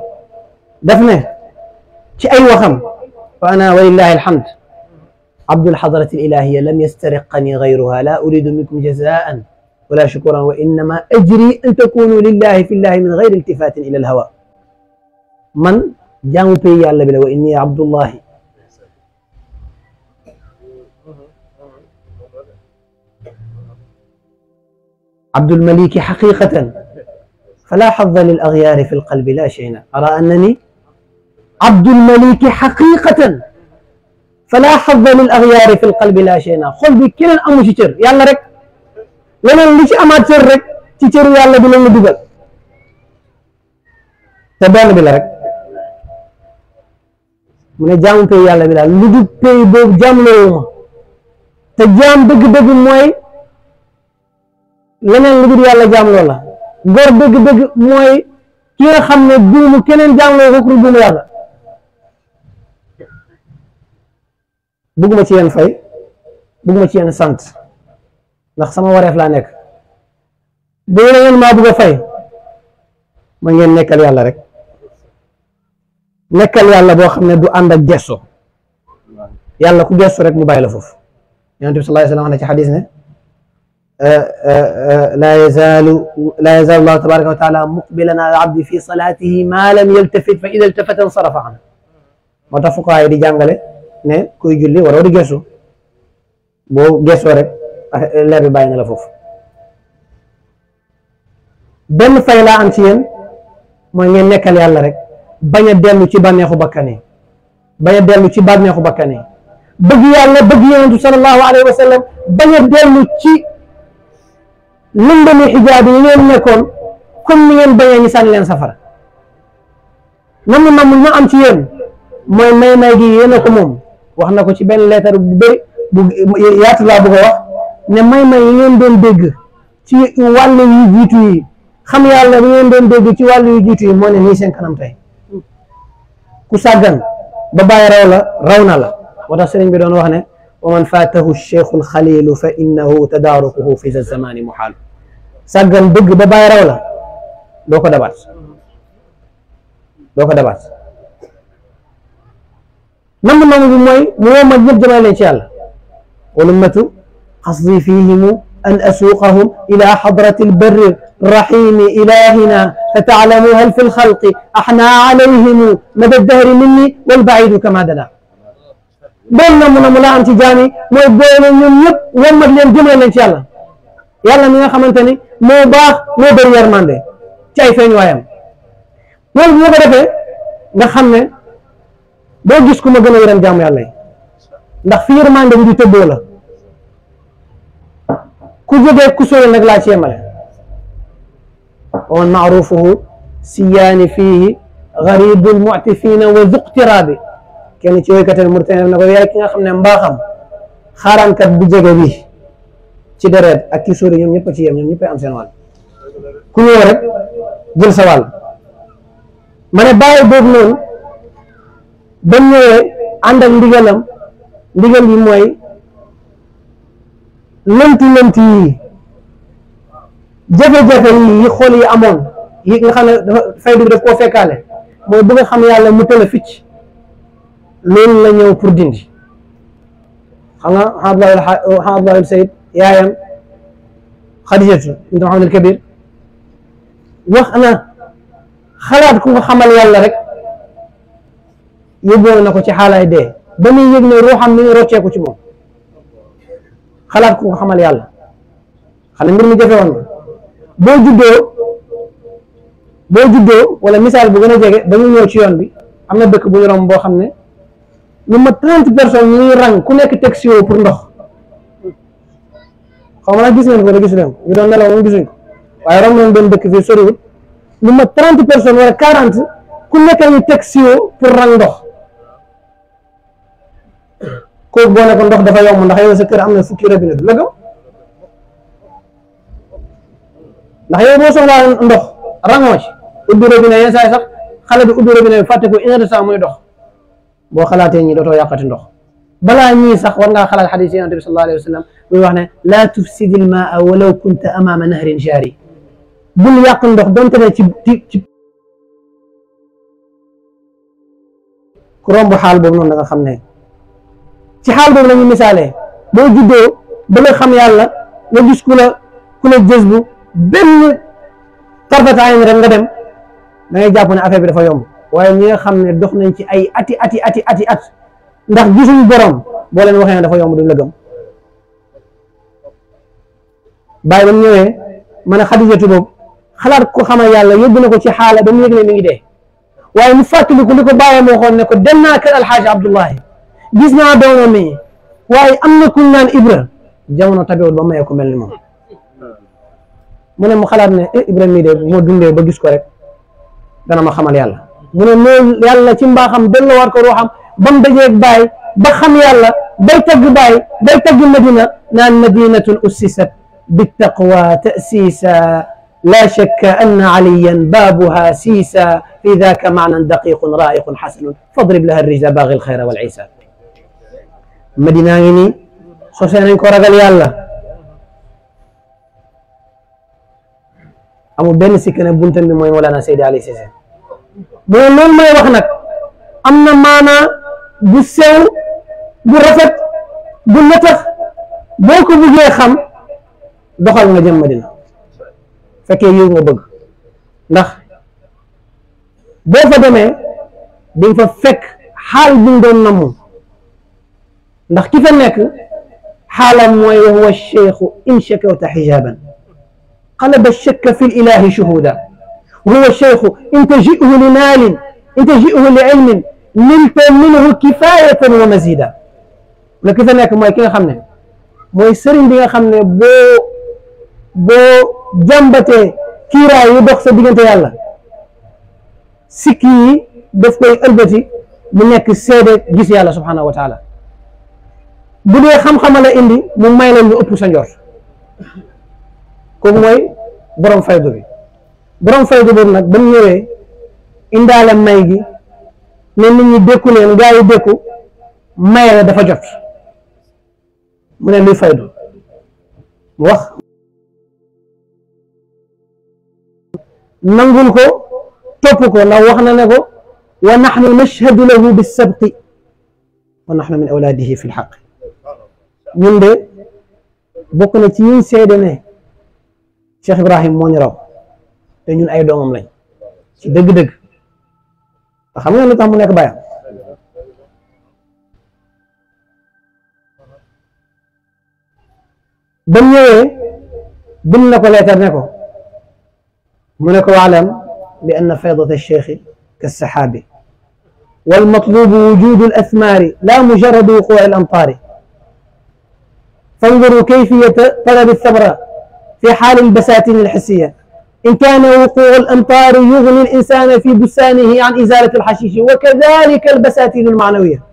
daf اي وخم فانا ولله الحمد عبد الحضرة الإلهية لم يسترقني غيرها لا أريد منكم جزاء ولا شكرا وإنما أجري أن تكونوا لله في الله من غير التفات إلى الهوى من جامو بي الله بلا وإني عبد الله عبد المليك حقيقة فلا حظ للأغيار في القلب لا شيء أرى أنني عبد الملك حقيقة فلا حظ للأغيار في القلب لا شيء خل بكل الأمو تتر يالله رك لما ليش أما تتر رك تتر يالله بلن دوغل تبان بلا رك من الجامعة في يالله بلا لدوك في بوب جام لوما تجام بك بك موي لما لدوك يالله جام لوما góor dëgg-dëgg mooy ki nga xam ne duumu keneen jàngloo ko kuru duumu yàlla bugguma ci yeen fay ma ci yenn sant ndax sama wareef laa nekk bu na ngeen maa bugg a fay ma ngeen nekkal yàlla rek nekkal yàlla boo xam ne du ànd ak gesso yàlla ku gesso rek mu bàyyi la foofu yonent bi sallallahu alayhi wa sallam wax na ci xadis ne آه، آه، آه، لا يزال لا يزال الله تبارك وتعالى مقبلا على العبد في صلاته ما لم يلتفت فاذا التفت انصرف عنه ما تفوق هاي دي جانغالي ني كوي جولي ورا دي جيسو بو جيسو رك لابي باين لا فوف بن فايلا انتين ما ني نيكال يالا رك باغا ديلو سي بانيخو بكاني باغا ديلو سي بانيخو بكاني بغي يالا بغي يونس صلى الله عليه وسلم باغا ديلو سي lëndami xijaab yi ngeen nekkoon comme ni ngeen bañee ñi sànni leen safar nam na nam am ci yéen mooy may may gi yéen a ko moom wax na ko ci benn leetar bu bëri bu yaatu laa bu ko wax ne may may yi ngeen doon dégg ci wàll yu xam yàlla bi ngeen doon dégg ci wàll yu jiitu yi moo ne nii seen kanam tey ku sàggan ba raw la raw na la moo tax sëriñ bi doon wax ne ومن فاته الشيخ الخليل فإنه تداركه في ذا الزمان محال سجن دق بباي رولا دوكو دبات دوكو دبات نم نم بموي محمد نب جمال إن شاء الله ولمة قصدي فيهم أن أسوقهم إلى حضرة البر الرحيم إلهنا فتعلموا هل في الخلق أحنا عليهم مدى الدهر مني والبعيد كما دنا doon na mun a mu laa am ci jaam yi mooy boole ñoom ñëpp wammat leen jëmale leen ci yàlla yàlla mi nga xamante ni moo baax moo bëri yermande ci ay feeñ waayam loolu bu ma ko defee nga xam ne doo gis ku ma gën a yërëm jaamu yàlla yi ndax fi yermande bi di tëbboo la ku jógee ku sóore nag laa ci yemale wa maarufuhu siyaani fiihi garibul muctifiina wa zuqtiraabi kenn ci woykat yi Mauritanie def na ko yaay ki nga xam ne mbaaxam xaaraankat bu jege bi ci deret ak ki sori ñoom ñëpp ci yem ñoom ñëpp am seen wàll ku ñëw rek jël sa wàll ma ne bàyyi boobu noonu ba ñëwee ànd ak ndigalam ndigal yi mooy lënt lënt yi jafe-jafe yi xool yi amoon yi nga xam ne dafa fay dugg daf koo fekkaale mooy bu nga xam yàlla mu tëla ficc loolu la ñëw pour dindi xam nga xam Abdoulaye Sayd yaayam Xadijatu bint Muhammad al Kabir wax na xalaat ku ko xamal yàlla rek yóbboon na ko ci xaalaay dee ba muy yëg ne ruuxam mi ngi rocceeku ci moom xalaat ko xamal yàlla xanaa mbir mi jafe woon na boo juddoo boo juddoo wala misaal bu a jege ba ñu ñëw ci yoon bi am na dëkk bu ñu romb boo xam ne lu ma trente personnes ñuy rang ku nekk teg si pour ndox xaw ma nag gis ngeen ko de gis ngeen ko ñu doon nelaw moom gisuñ ko waaye romb nañ benn dëkk fii soriwut lu ma trente personnes wala quarante ku nekk ñu teg si pour rang ndox kooku boo nekkoon ndox dafa yomb ndax yow sa kër am na fukki robinet la gëm ndax yow boo soxlaa ndox rangoo ci ubbi robinet yenn saa yi sax xale bi ubbi robinet bi fàtte ko une heure de temps muy dox bo xalaté ñi doto yàqati ndox bala ñi sax war nga xalal hadith yi nabi sallallahu alayhi wasallam muy wax ne la tufsidil maa walaw kunta amama nahrin jaari bul yàq ndox donte ne ci ci ku romb xaal boobu noonu nga xamné ci xal boobu lañu misalé bo boo juddoo ba nga xam yàlla nga gis ku la ku la jës bu benn tarfata ayn rek nga dem da ngay jàpp ne affaire bi dafa yomb waaye ñi nga xam ne dox nañ ci ay ati ati ati ati at ndax gisuñ borom boo leen waxee ne dafa yomb duñ la gëm bàyyi ba mu ñëwee man a xadijatu boobu xalaat ko xamal yàlla yóbbu na ko ci xaala ba mu yëg mi ngi dee waaye mu fàttaliku li ko bàyyee moo xoon ne ko dem naa kër alxaaji abdullahi gis naa doomam mi waaye am na kuñ naan ibra jamono tabiwul ba mayee ko mel ni moom mu ne mu xalaat ne eh, ibra mii de moo dundee ba gis ko rek dana ma xamal yàlla من نول يالله تيمبا خم دلوا وارك روحهم بام دجيك باي بخم يالله بيتك باي بيتك المدينة نان مدينة أسست بالتقوى تأسيسا لا شك أن عليا بابها سيسا في ذاك معنى دقيق رائق حسن فاضرب لها الرجاء باغي الخير والعيسى مدينة يني خسين انكورا قال يالله أمو بين سكن بنتن بموين ولا سيدي عليه السلام bu loolu may wax nag am na maanaa bu sew bu rafet bu natax boo ko buggee xam doxal nga jëm Madina fekkee yiw nga bëgg ndax boo fa demee di fa fekk xaal bi nga doon namm ndax ki fa nekk xaalam mooy wa huwa cheikhu in shakawta xijaaban qalaba shakka fi l ilahi shuhuda هو الشيخ إن تجئه لمال إن تجئه لعلم نلت منه كفاية ومزيدا لكن فانا كما كي خامني موي سيرين بيغا خامني بو بو جامباتي كيرا يي دوخ سا ديغنت يالا سكي daf koy ëlbati mu nekk seede gis yàlla subhanahu wa taala bu dee xam-xama la indi mu may la lu ëpp sa njort kooku mooy borom faydu bi borom fayda boobu nag ba mu ñëwee indaale may gi ne nit ñi dékku neen gaa yi dékku may dafa jot mu ne luy faydu mu wax nangul ko topp ko ndax wax na ne ko wa naxnu nashhadu lahu naxnu na ci yiñ seede ne Cheikh Ibrahim moo ñu raw te ñun ay doomam lañ ci dëgg-dëgg te xam nga lu tax mu nekk bàyyam ba mu ñëwee bind na ko leetar ne ko mu ne ko waalam bi anna faydata alcheikhi kasaxaabi والمطلوب وجود الأثمار لا مجرد وقوع الأمطار فانظروا كيفية طلب الثمرة في حال البساتين الحسية إن كان وقوع الأمطار يغني الإنسان في بستانه عن إزالة الحشيش وكذلك البساتين المعنوية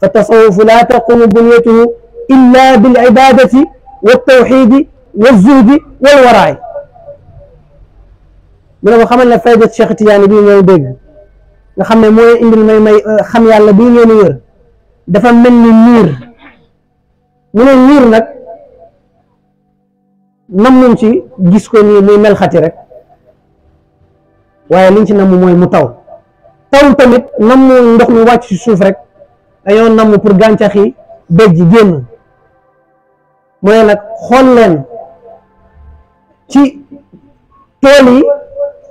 فالتصوف لا تقوم بنيته إلا بالعبادة والتوحيد والزهد والورع من أبو خمال لفايدة ne fayda Cheikh Tidiane bii ngay dégg nga xam ne mooy indil may may euh, xam yàlla bii nam namuñ ci gis ko ni muy mel xati rek waaye liñ ci namu mooy mu taw taw tamit namu ndox mi wàcc ci suuf rek dañoo namu pour gàncax yi béj ji génn mooy nag xool leen ci tool yi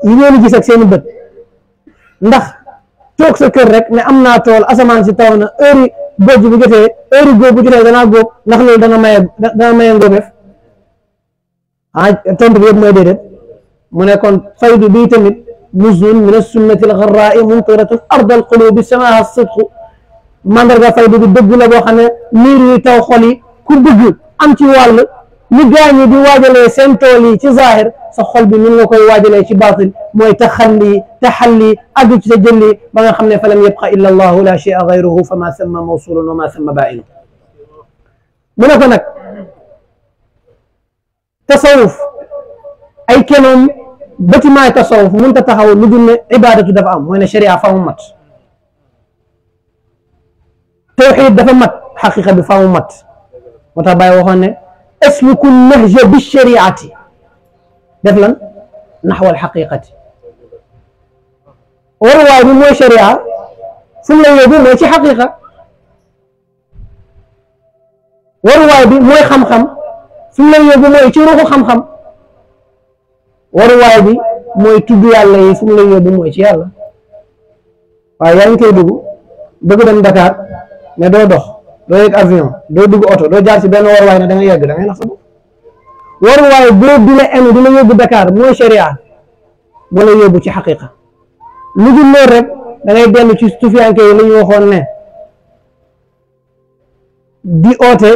yi ngeen gis ak seeni bët ndax toog sa kër rek ne am naa tool asamaan si taw na heure góob bu jotee heure góob bu jotee danaa góob ndax loolu dana maye dana maye ngóobeef من يكون فيض بي تمت مزن من السنة الغراء منطرة أرض القلوب سماها الصدق ما درجة فيض بي دبو لبو خانة نيري توخولي كو دبو أنت وال نجاني دي واجلي سنتولي تي ظاهر سخول بي من لكو واجلي تي باطل مو يتخلي تحلي أدو تتجلي ما خمني فلم يبقى إلا الله لا شيء غيره فما ثم موصول وما ثم بائن من يكونك تصوف اي كلام بتي ما تصوف من تتحول لدن عبادة دفع أم وين شريعة فهم مات توحيد دفع مات حقيقة بفهم مات وطبعا يوهن اسلك النهج بالشريعة دفلا نحو الحقيقة وروا من وين شريعة ثم يدون ماشي حقيقة وروا بي موي خم, خم. fi mu lay yóbbu mooy ci ruuxu xam-xam waruwaay bi mooy tudd yàlla yi fi mu lay yóbbu mooy ci yàlla waaye yaa ngi koy dugg bëgg dem Dakar ne doo dox doo yëg avion doo dugg oto doo jaar ci benn waruwaay ne da nga yegg da ngay nax sa bopp waruwaay boobu di la enu di la yóbbu Dakar mooy sharia moo la yóbbu ci xaqiqa lu dul loolu rek da ngay ci sufiyanke yi la waxoon ne di oote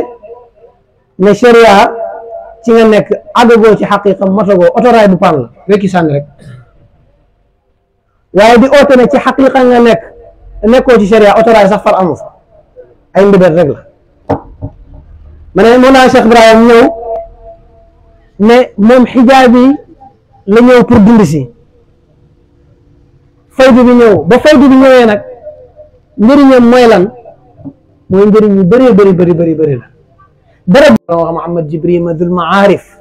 ne sharia ci nga nekk àggagoo ci xaqiqa matagoo otoraay bu par la wekki sànni rek waaye bi oote ne ci xaqiqa nga nekk nekkoo ci sharia otoraay sax far amu fa ay mbibet rek la ma ne moo naa Cheikh Ibrahim ñëw ne moom xijaab yi la ñëw pour dund si faydu bi ñëw ba faydu bi ñëwee nag njëriñam mooy lan mooy njëriñ yu bëree bëri bëri bëri bëri la برم محمد جبريل ما ذل معارف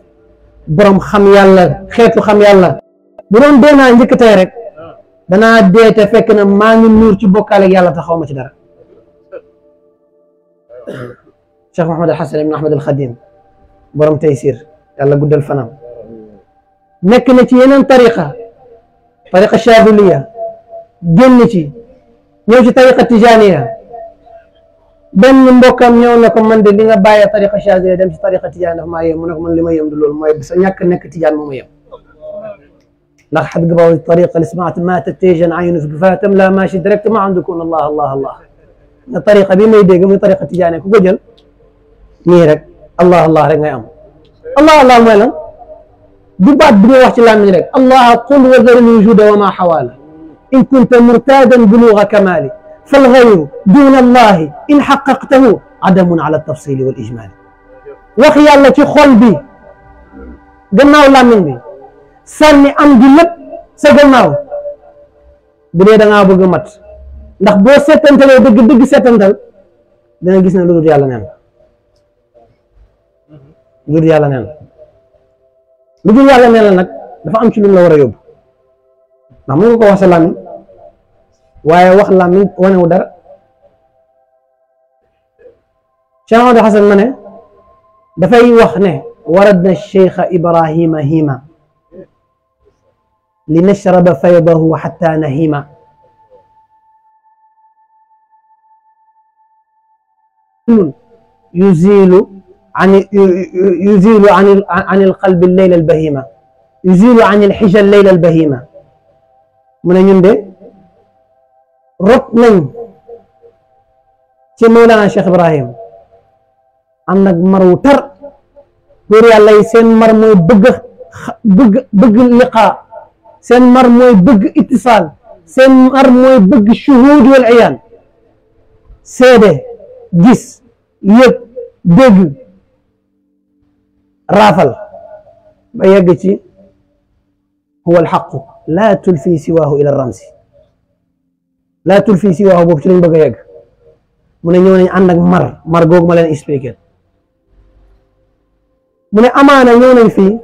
برم خم يلا خيط خم يلا برم بينا عندك تارك دنا ديت فكنا ما نور تبوك على يلا تخوم تدار شيخ محمد الحسن بن احمد الخديم برم تيسير يلا قد الفنا نكنتي تيينا طريقة طريقة الشاذلية جنتي نيوش طريقة تجانية ben mbokam ñëw na ko man de li nga baye tariqa Chaziliya dem ci tariqa Tijaan dafa maye mu ne man limay yem du loolu mooy sa ñak nek Tijaan moo yem ndax xad gabaw tariqa li smaat ma tatejan aynu fi fatam la machi direct ma andukun allah allah allah na tariqa bi may deg mu tariqa Tijaane ku ko jël ni rek allah allah rek ngay am allah allah moy lan du baat bi ngay wax ci làmmiñ rek allah qul wa darni wujuda wa ma xawaala in kunta murtadan buluga kamali فالغير دون الله إن حققته عدم على التفصيل والإجمال wax yàlla ci xol bi gannaaw làmmiñ bi sànni am gi lépp sa gannaaw bu dee da ngaa bëgg a mat ndax boo settantalee dëgg dëgg settantal dana gis ne lu dul yàlla neen lu dul yàlla neen lu dul yàlla neen la nag dafa am ci lu mu la war a yóbbu ndax mun nga ko wax sa làmmiñ waaye wax làmmiñ wanewu dara Cheikh Ahmadu Xasan ma ne dafay wax ne waradna cheikha ibrahima hima li nashraba faydahu xatta nahima يزيل عن يزيل عن عن القلب الليل البهيمه يزيل عن الحجى الليل البهيمه من يندي ركن شي مولانا شيخ ابراهيم عندك مروتر بوري الله يسين مر موي بغ بغ بغ لقاء سين مر موي بغ اتصال سين مر موي بغ شهود والعيان سيدي جس يب دغ رافل ما هو الحق لا تلفي سواه الى الرمز لا تلفي سوى بوب شرين بغيك من يوم عندك مر مر جوج مالين اسبيكر من امانه يوم في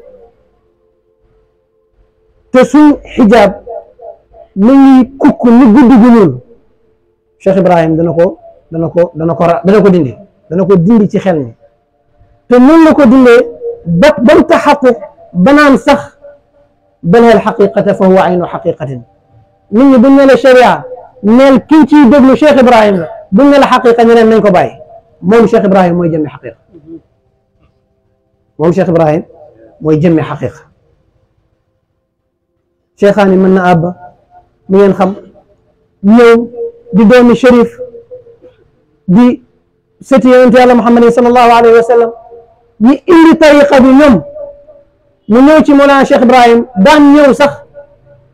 تسو حجاب مي كوكو مي غودو غنول ابراهيم دنكو دنكو دنكو دنكو ديندي دنكو ديندي سي خيل مي تو نون لاكو ديندي بب بام تحقق بل هي الحقيقه فهو عين حقيقه مي بنن الشريعه نال كنتي دبلو شيخ ابراهيم بن الحقيقه من نينكو باي مو شيخ ابراهيم مو يجمع حقيقه مو شيخ ابراهيم مو يجمع حقيقه شيخاني من ابا مين خم يوم دي دومي شريف دي ستي انت على محمد صلى الله عليه وسلم ني اللي طريقه دي يوم من نوتي مولانا شيخ ابراهيم دان يوم صح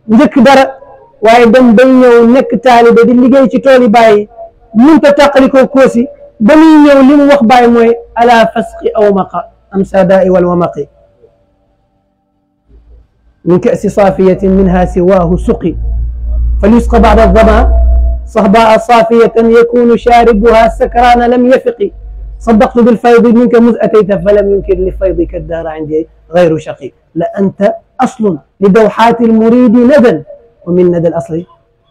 نجك دار waye dem ba ñew nek talibé di liggéey ci toli baye mën ta takaliko kosi ba ñu ñew limu wax baye moy من كأس صافية منها سواه سقي فليسقى بعد الظما صهباء صافية يكون شاربها سكران لم يفق صدقت بالفيض منك مذ أتيت فلم ينكر لفيضك الدار عندي غير شقي لأنت أصل لدوحات المريد نذل ومن ندى الأصل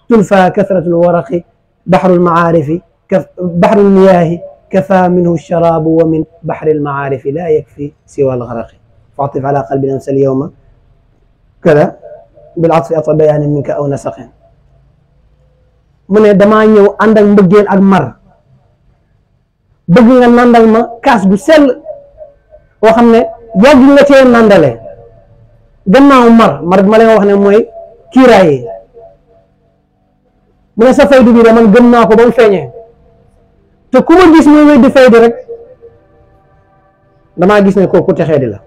تلفى كثرة الورق بحر المعارف كف بحر المياه كفى منه الشراب ومن بحر المعارف لا يكفي سوى الغرق فعطف على قلب الأنس اليوم كذا بالعطف أطلب يعني منك أو نسق من ne نيو ñëw ànd ak mbëggeel ak mar bëgg nga nandal ma kaas bu sell boo xam مر yàgg nga وخني موي kiiraay yi mu ne sa faydu bi man gëm naa ko ba mu feeñee te ku ma gis muy weddi faydu rek damaa gis ne ko ku texee di la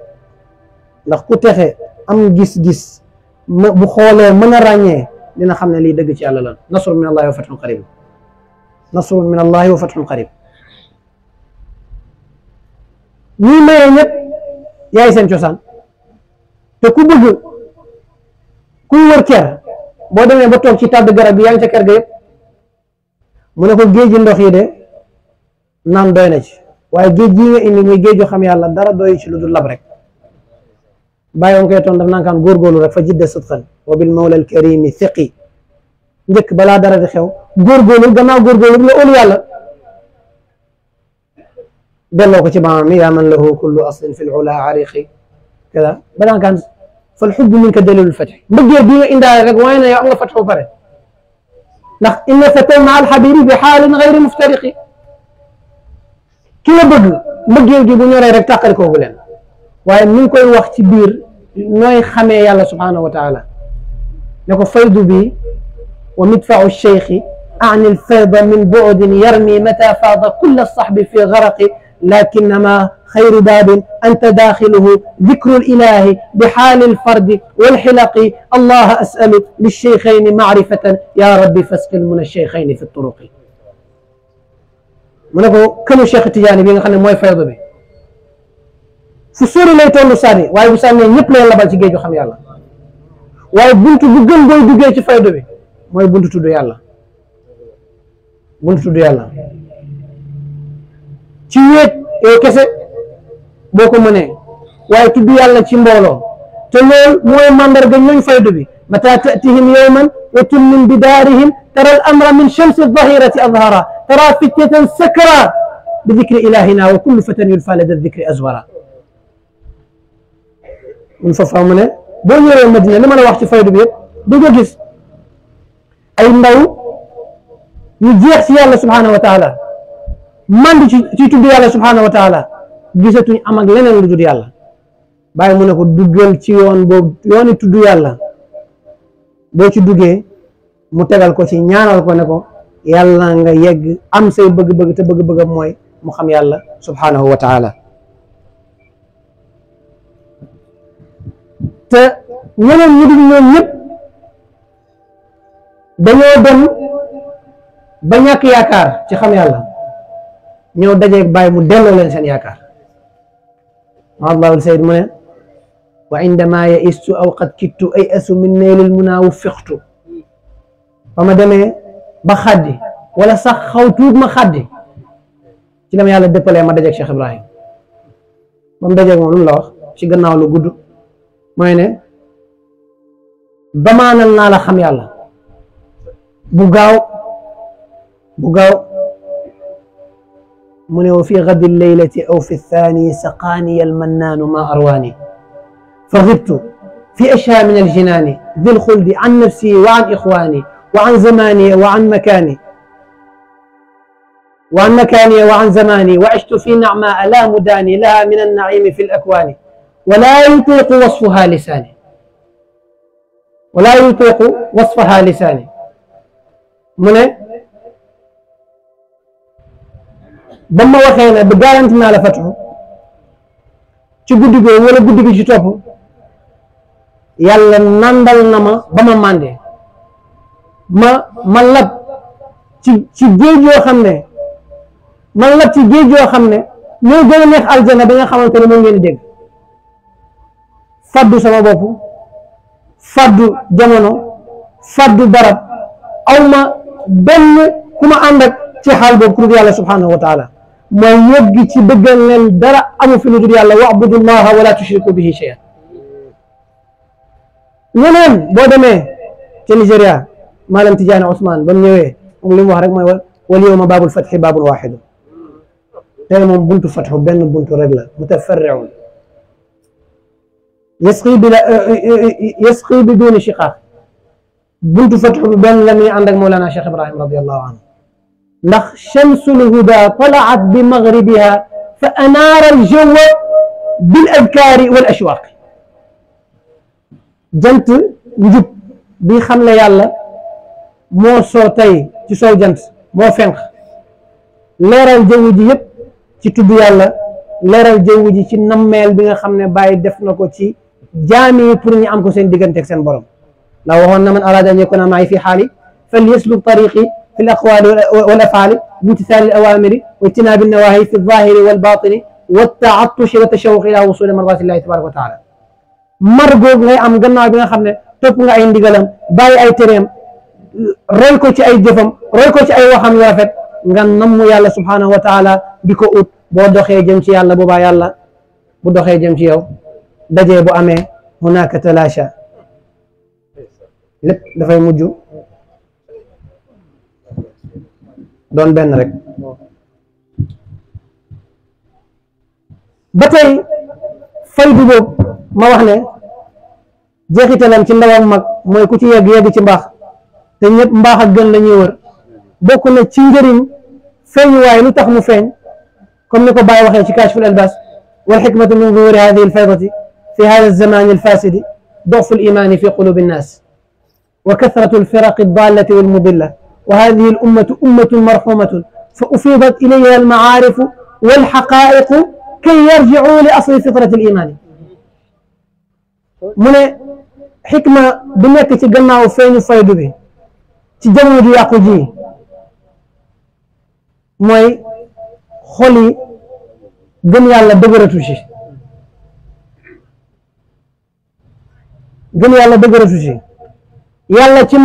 ndax ku texe am gis-gis ma bu xoolee mën a ràññee dina xam ne lii dëgg ci yàlla la nasrun min allahi wa fathun qarib nasrun min yaay seen cosaan te ku bëgg kuy wër ker boo demee ba toog ci tàdd garab yi yaa ngi ca ker ga yëpp mu ne ko géeji ndox yi de naan doy na ci waaye géej yi nga indi muy géeju xam yàlla dara doy ci lu dul lab rek bàyyi woon koy toon daf naan kaan góorgóorlu rek fa jidde sutxan wa bil mawla al karimi thiqi njëkk balaa dara di xew góorgóorlu gannaaw góorgóorlu la óolu yàlla delloo ko ci baamam mi yaa man lahu kullu aslin fi l ula ariqi kada balaa kaan فالحب منك دليل الفتح بقي بما ان دارك وين يا الله فتح وفرح ان فتى مع الحبيب بحال غير مفترق كي بقي بقي جي بو ñoré rek takal ko gulen waye ñu koy wax ci bir noy xamé yalla subhanahu wa ta'ala nako faydu bi wa midfa'u عن الفيض من بعد يرمي متى فاض كل الصحب في غرق لكنما خير باب أنت داخله ذكر الإله بحال الفرد والحلق الله أسأل للشيخين معرفة يا ربي فاسكن من الشيخين في الطرق منكو كم الشيخ التجاني بيغا خلنا موي فيض بي فسوري لي تولو ساري واي بساني نيب الله بل سي جيجو خم الله واي بنت بو بي بوي دوجي فيض بي موي بنت تودو يالا بنت تدو يالا ci wéet yow kese boko mëne mënee tuddu yàlla ci mbolo te lol moy mandar ga ñu faydu bi mata tatihim yawman yatun min bidarihim tara al amra min chamsi dhahirati adhara tara fitatan sakra bi dicri ilahina wa kullu fatan yulfa lada dicri azwara mun fa fa mu ne boo ñëwee madina li ma la wax ci faydu bi yëpp du ko gis ay ndaw yu jeex ci yàlla subhanahu wa taala mandi ci ci yàlla subhanahu wa taala gisatuñ am ak leneen lu dul yàlla bàyyi mu ne ko duggal ci yoon boobu yooni tudd yàlla boo ci duggee mu tegal ko ci ñaanal ko ne ko yàlla nga yegg am say bëgg-bëgg te bëgg-bëggam mooy mu xam yàlla subhanahu wa taala te ñeneen ñu dul ñoom ñëpp dañoo dem ba ñàkk yaakaar ci xam yàlla ñoo dajeeg bàyyi mu delloo leen seen yaakaar ما الله السيد منى وعندما يئس او قد كدت ايأس من نيل المنى وفقت فما دام بخد ولا سخوت ما خد كلام يالا ديبل ما دجك شيخ ابراهيم بام دجك مون لا وخ شي غناو لو غود موي ني بما نال نالا خم يالا بو غاو بو غاو من وفي غد الليلة أو في الثاني سقاني المنان ما أرواني فغبت في أشياء من الجنان ذي الخلد عن نفسي وعن إخواني وعن زماني وعن مكاني وعن مكاني وعن زماني وعشت في نعماء لا مداني لها من النعيم في الأكوان ولا يطيق وصفها لساني ولا يطيق وصفها لساني من ba ma waxee ne du garanti naa la fatu ci guddi googu wala guddi gi ci topp yàlla nandal na ma ba ma màndee ma ma lab ci ci géej yoo xam ne ma lab ci géej yoo xam ne ñoo gën a neex nga xamante ne moom ngeen dégg faddu sama bopp faddu jamono faddu barab awma benn ku ma ànd ak ci xaal boobu ku dul yàlla subhanahu wa من يبغي تبغل للدرع أمو في نجري الله وعبد الله ولا تشركوا به شيئا ينام بودمي تنجريا ما لم تجانا عثمان بنيوي أقول له ما واليوم باب الفتح باب واحد تنم بنت فتح بن بنت رجلة متفرعون يسقي بلا يسقي بدون شقاق بنت فتح بن لم عندك مولانا شيخ ابراهيم رضي الله عنه لخ شمس الهدى طلعت بمغربها فأنار الجو بالأذكار والأشواق جنت وجب بي خملا يالا مو صوتي تي سو جنت مو فنخ ليرال جو جي ييب تي تود يالا ليرال جو جي تي نميل بيغا خامني باي ديف نكو تي جامي بور ني ام كو سين ديغنتك سين بوروم لا من اراد ان يكون معي في حالي فليسلك طريقي في الأقوال والأفعال بامتثال الأوامر واجتناب النواهي في الظاهر والباطن والتعطش والتشوق إلى وصول مرضات الله تبارك وتعالى mar googu ngay am gannaaw bi nga xam ne topp nga ay ndigalam bàyyi ay tereem roy ko ci ay jëfam roy ko ci ay waxam yu rafet nga namm yàlla subhanahu wa taala di ko ut boo doxee jëm ci yàlla boobaa yàlla bu doxee jëm ci yow dajee bu amee hunaka talasha lépp dafay mujj doon benn rek ba tey faydu boobu ma wax ne jeexitalam ci ndawam mag mooy ku ci yegg yegg ci mbaax te ñëpp mbaax ak gën la ñuy wër bokk na ci njëriñ feeñu waaye lu tax mu feeñ comme ni ko Baye waxee ci kaashiful albaas wal xikmatu min zuhuri hadihi alfaydati fi hada alzamani alfasidi ضعف الإيمان في قلوب الناس وكثرة الفرق الضالة والمضلة وهذه الأمة أمة مرحومة فأفيضت إليها المعارف والحقائق كي يرجعوا لأصل فطرة الإيمان من حكمة بنك تقلنا وفين فايد به تجمد ياقجي موي خلي دنيا الله dëgëratu ci gëm yàlla dëgëratu ci yàlla ci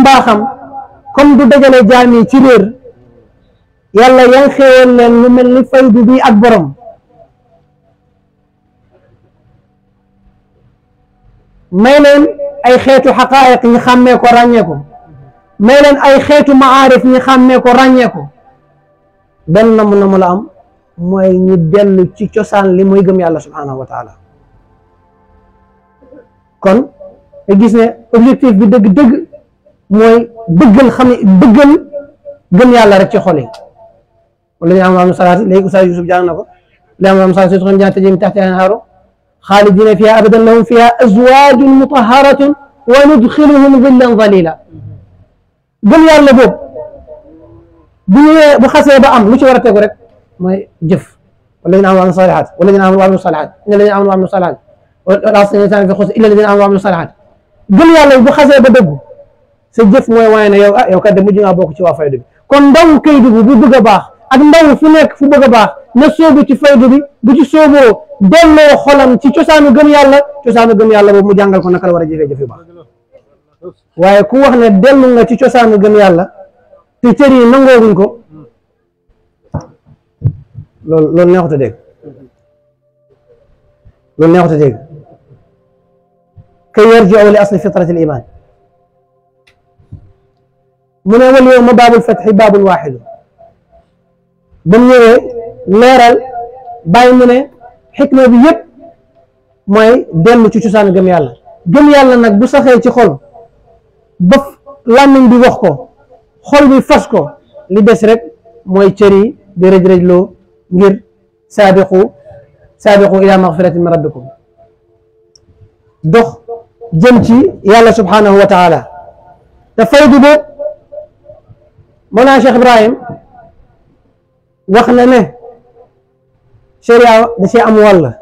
comme du dajale jaam yi ci réer yàlla leen lu mel ni faydu bi ak borom may leen ay xeetu xaqaayiq ñi xàmmee ko ràññeeko ko leen ay xeetu maarif ñi xàmmee ko ràññee na benn namu namu la am mooy ñu dellu ci cosaan li muy gëm yàlla subhaanahu wa taala kon te gis ne objectif bi dëgg-dëgg mooy bëggal xam ne bëggal gëm yàlla rek ci xol yi wala ñu am am salaati léegi Oustaz Youssouf jàng na ko li am am salaati sutun jannat tajri min tahtiha al-anhaar xaalidina fiha abadan lahum fiha azwaajun mutahharatun wa nudxiluhum zillan zalila gëm yàlla boobu bu ñëwee bu xasee ba am lu ci war a tegu rek mooy jëf wala ñu am am saalihaat wala ñu am am saalihaat inna alladina amanu wa amilu saalihaat wala asna insan fi xus illa alladina amanu wa amilu saalihaat gëm yàlla bu xasee ba dëgg sa jëf moy wane ne yow ah yow kat dem mujj ngaa ci wa faydu bi kon ndaw Kédougou bi bu bëgg a baax ak ndaw fu nek fu bëgg a baax na soobu ci faydu bi bu ci soobo delloo xolam ci ciosanu gëm yàlla ciosanu gëm yàlla bo mu jàngal ko nakal wara jëfé a jëfee jëf yu baax waaye ku wax ne dellu nga ci ciosanu gëm yàlla te cër yi nangoowuñ ko loolu loolu neexut a dégg loolu neexut a dégg ka yarji'u li asli fitrati al iman من أول يوم باب الفتح باب واحد بني ليرال باي من حكمة بيب ماي دم تشوشو سان جم يالا جم يالا نك بو سخي تي خول بف لامين بي وخكو خول بي فاسكو لي ديس رك موي تيري دي رج رج لو غير سابقو سابقو الى مغفرة من ربكم دوخ جمتي يالا سبحانه وتعالى دا فايدو مولانا شيخ ابراهيم وخنا نه شريعه دسي ام والله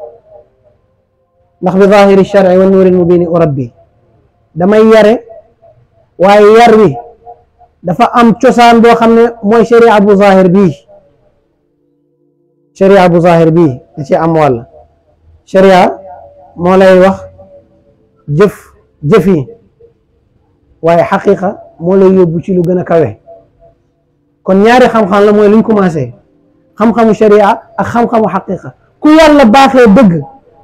نخ بظاهر الشرع والنور المبين وربي دمي يري واي يروي دفا ام تشوسان بو خامني موي شريعه ابو ظاهر بي شريعه ابو ظاهر بي دسي ام والله شريعه مولاي وخ جف جفي واي حقيقه مولاي يوبو تشي لو كون ياري خم خم لموي لين كوماسي خم خم شريعة خم خم حقيقة كو يالا باخي دغ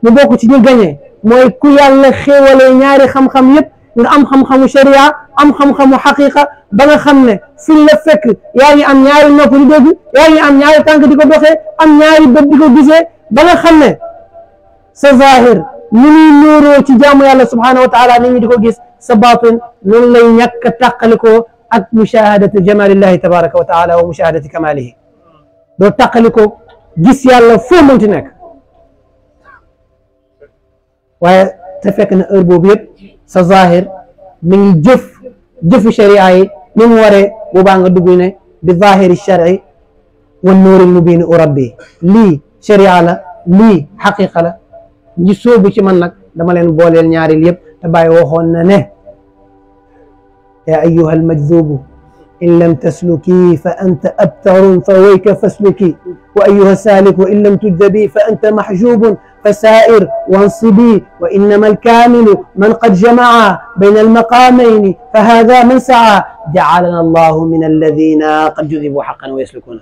مو بوكو سي ني غاني موي كو يالا خيوالي ياري خم خم ييب ان ام خم خم شريعة ام خم خم حقيقة با نا خم ني في لا فك ياري ام ياري نوب ني دغ ياري ام ياري تانك ديكو دوخي ام ياري بوب ديكو غيسي با نا خم سا ظاهر ني نورو سي جامو يالا سبحانه وتعالى ني ديكو غيس سباتن نون لاي نياك تاخاليكو اك مشاهده جمال الله تبارك وتعالى ومشاهده كماله دو تقلكو جيس يالا فو مونتي نيك واي تفك ان اربو بيب سا ظاهر من جف جف شريعه من وري بو باغ دوغي ني بظاهر الشرع والنور المبين ربي لي شريعه لا لي حقيقه لا ني سوبو سي من نك دا مالين بولين نياري ليب تا باي واخون نه يا أيها المجذوب إن لم تسلكي فأنت أبتر فويك فاسلكي وأيها السالك وإن لم تجذبي فأنت محجوب فسائر وانصبي وإنما الكامل من قد جمع بين المقامين فهذا من سعى جعلنا الله من الذين قد جذبوا حقا ويسلكون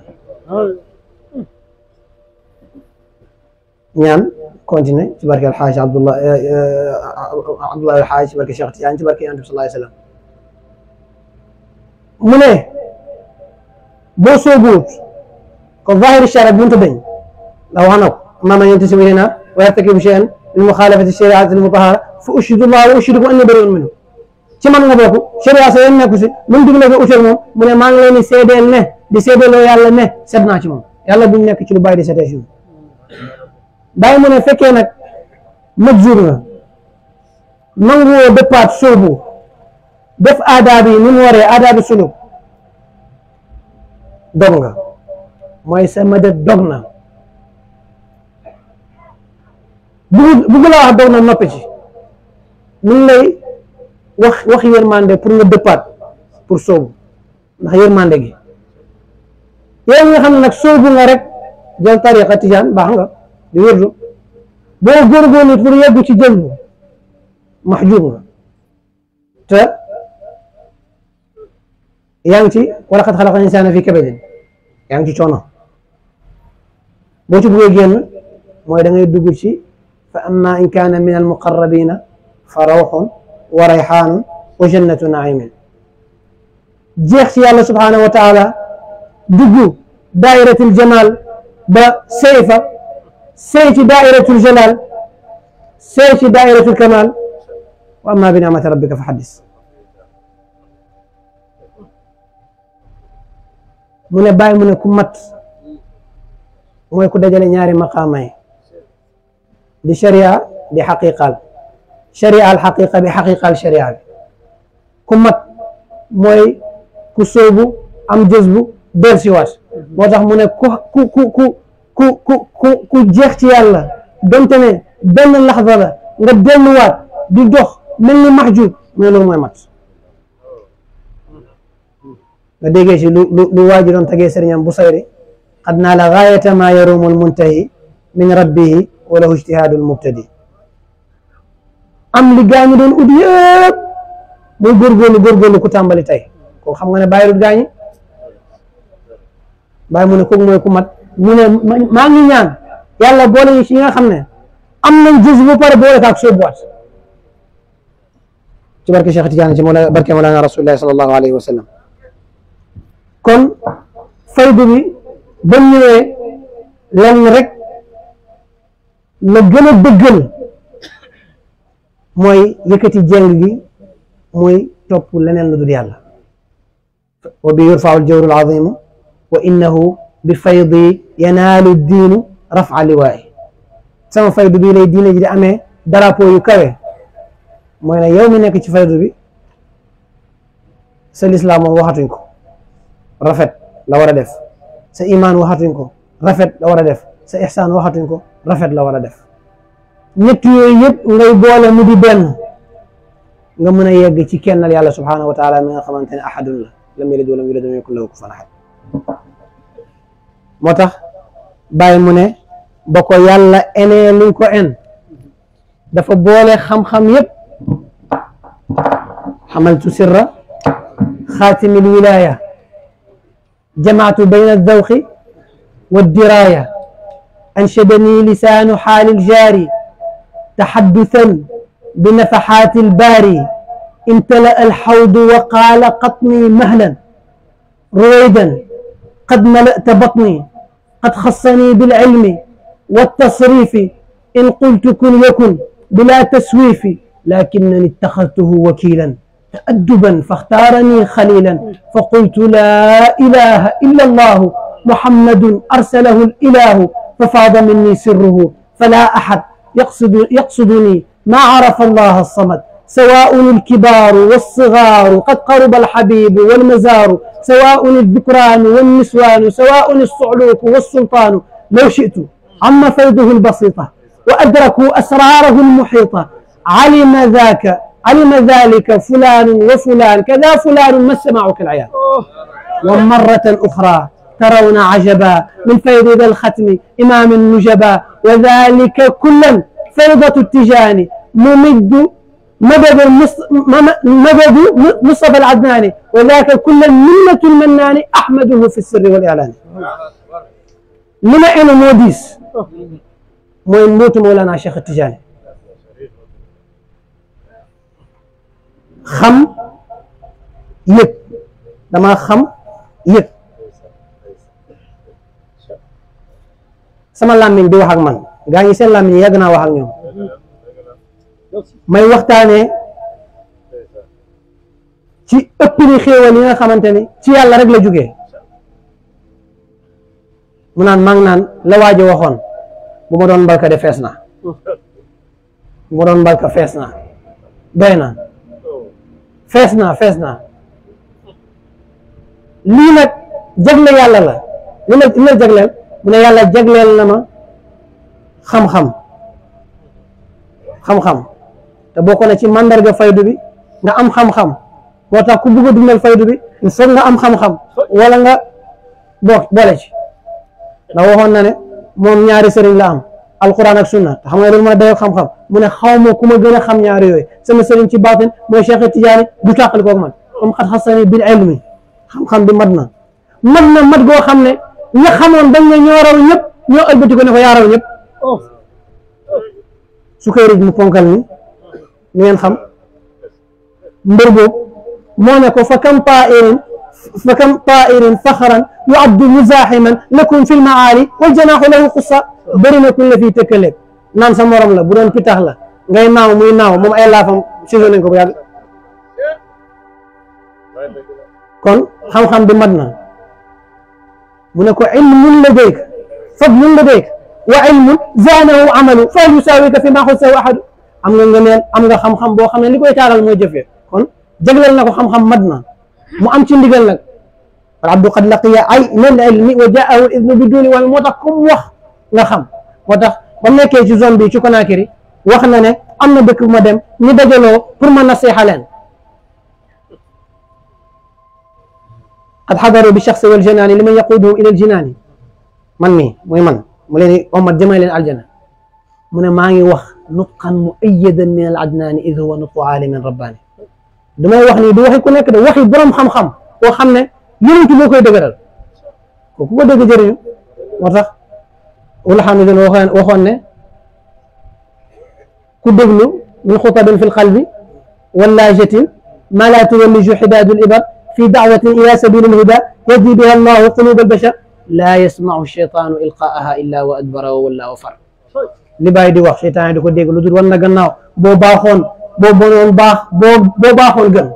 نعم كونتيني تبارك الحاج عبد الله آه، آه، عبد الله الحاج تبارك شيخ يعني تبارك انت صلى الله عليه وسلم mu boo soobuwut kon zahiri sharia bi buntu dañ ndax wax na ko ammaa man yantasib ilayhaa wa yartakibu shay'an min muxaalafati shariati l-mutahhara fa ushhidu llaaha wa ushhidukum annii barii'un minhu ci man nga bokk sharia sa yoon nekku si lu mu digle nga utal moom mu ne maa ngi leen di seedeel ne di seedeeloo yàlla ne seet naa ci moom yàlla buñ nekk ci lu bàyyi di seetee si bàyyi mu ne fekkee nag majjuur nga nanguwoo def aadaab yi ni mu waree aadaabi suluk dog nga mooy sama def dog na bugu la wax dog na noppi ci mu ngi lay wax wax yërmande pour nga dëppaat pour soobu ndax yërmande gi yow nga xam nag soobu nga rek jël tariqa tijaan baax nga di wérdu boo góorgóorlu pour yeggu ci jël bu maxjub nga te يانتي ولقد خلق الانسان في كبد يانتي تشونو بوتي بوغي ген موي داغي دوجو سي فاما ان كان من المقربين فروح وريحان وجنة نعيم جيخ سي الله سبحانه وتعالى دوجو دائرة الجمال سيفا سيف دائرة الجلال سيف دائرة الكمال واما بنعمة ربك فحدث mune bay mune ku mat moy ku dajale ñaari maqaama yi di sharia di haqiqa sharia al haqiqa bi haqiqa al sharia ku mat moy ku sobu am jës del ci moo motax mune ku ku ku ku ku ku ku jeex ci yàlla donte tane ben laxda la nga wat di dox melni ni maxjub mu ne mat مديجي لو واجد تجي سرنيان بصيري قد نال غاية ما يروم المنتهي من ربه وله اجتهاد المبتدي أم لغاني دون أدياب مو غرغو لو غرغو لو كتام بالتاي كو خمغ نباي رو غاني باي مو نكوك مو يكو مات مو نه ماني نيان يالا بولي يشينا خمنا أم من جزء بار بولي كاكسو بوات تبارك الشيخ تجاني جمولا بركة مولانا رسول الله صلى الله عليه وسلم kon faydu bi ba ñëwee rek la gën a mooy yëkkati jeng gi mooy topp leneen lu dul yàlla wa bi yurfaau aljawru alazimu wa innahu bi faydi yanaalu diinu rafa liwaay sama faydu bi lay diine ji di amee drapeau yu kawe mooy ne yow mi nekk ci faydu bi sa lislaam moom waxatuñ ko rafet la war a def sa imaan waxatuñ ko rafet la war a def sa ihsaan waxatuñ ko rafet la war a def ñett yooyu yëpp ngay boole mu di benn nga mën a yegg ci kennal yàlla subhaanahu wa taala mi nga xamante ne ahadun la lam yalid walam yulad walam yakun lahu kufuwan ahad moo tax bàyyi mu ne ba ko yàlla enee luñ ko en dafa boole xam-xam yëpp xamaltu sirra xaatimil wilaaya جمعت بين الذوق والدراية أنشدني لسان حال الجاري تحدثا بنفحات الباري امتلأ الحوض وقال قطني مهلا رويدا قد ملأت بطني قد خصني بالعلم والتصريف إن قلت كن يكن بلا تسويف لكنني اتخذته وكيلا تأدبا فاختارني خليلا فقلت لا إله إلا الله محمد أرسله الإله ففاض مني سره فلا أحد يقصد يقصدني ما عرف الله الصمد سواء الكبار والصغار قد قرب الحبيب والمزار سواء الذكران والنسوان سواء الصعلوك والسلطان لو شئت عم فيضه البسيطة وأدركوا أسراره المحيطة علم ذاك علم ذلك فلان وفلان كذا فلان ما معك العيال ومرة أخرى ترون عجبا من فيض ذا الختم إمام النجبا وذلك كلا فيضة التجاني ممد مدد مدد مصطفى العدناني وذاك كلا منة المناني أحمده في السر والإعلان لما إنه موديس موين موت مولانا شيخ التجاني xam yëg dama xam yëg sama làmmiñ di wax man gaa ñi seen làmmiñ yàgg naa wax ak ñoom may waxtaanee ci ëpp ni xéewal yi nga xamante ni ci yàlla rek la jógee mu naan man naan la waajo waxoon bu ma doon mbalka fees na bu ma doon fees na doy na fees naa fees naa lii nag jagle yàlla la li la li la mu ne yàlla jagleel na ma xam-xam xam-xam te bokk na ci mandarga faydu bi nga am xam moo tax ku bëgg a bi il faut nga am xam-xam wala nga boo boole ci ndax na ne moom ñaari sëriñ la am alquran ak sunna te xam nga loolu mooy dayoo xam-xam من خامو كم جنا خم ياريوه سما سرين تي باطن ما التجاري تجاري بطاق الكوكب من قد خصني بالعلم خم خم بمرنا مرنا مر جو خم لي يا خمون بني نيارا ونيب نيو قلب تقولنا في يارا ونيب شو كيرد مفهوم كلامي مين خم مربو مونكو فكم طائرين فكم طائر فخرا يعد مزاحما لكم في المعالي والجناح له قصه برمة التي تكلم nan sa morom la bu don pitax la ngay naw muy naw mom ay laafam saison nañ ko bu yag kon xam-xam bi madna mu ne ko ilmun ladayka fadlun ladayka wa ilmun zanahu amalu fa yusawi ka fi ma xussahu ahad am nga nga neen am nga xam-xam bo xamne likoy taral moy jeffe kon jagleel nako xam-xam madna mu am ci ndigal nak عبد قد لقي اي من ilmi وجاءه الاذن بدون والمتقم وخ duni wal moo ba mu nekkee ci zone bi ci Conakry wax na ne am na dëkk bu ma dem ñu dajaloo pour ma nasiixa leen qad xadaru bi shaxsi wal janaani li man yaquuduhum ila al jinaani man mii mooy man mu leen omat jëmay leen aljana mu ne maa ngi wax nutqan mu ayyadan min al adnaani id huwa nutqu aalimin rabbaani damay wax nii du waxi ku nekk de waxi borom xam-xam koo xam ne yonent boo koy dëgëral kooku ko dëgg jëriñu moo tax ولحن إذا وخان وخانة كدبلو من خطب في القلب واللاجة ما لا تولج حباد الإبر في دعوة إلى سبيل الهدى يهدي بها الله قلوب البشر لا يسمع الشيطان إلقاءها إلا وأدبر ولا وفر لباي دي واخ شيطان دوكو ديغ لودور ولا غناو بو باخون باخ بو بو باخون غن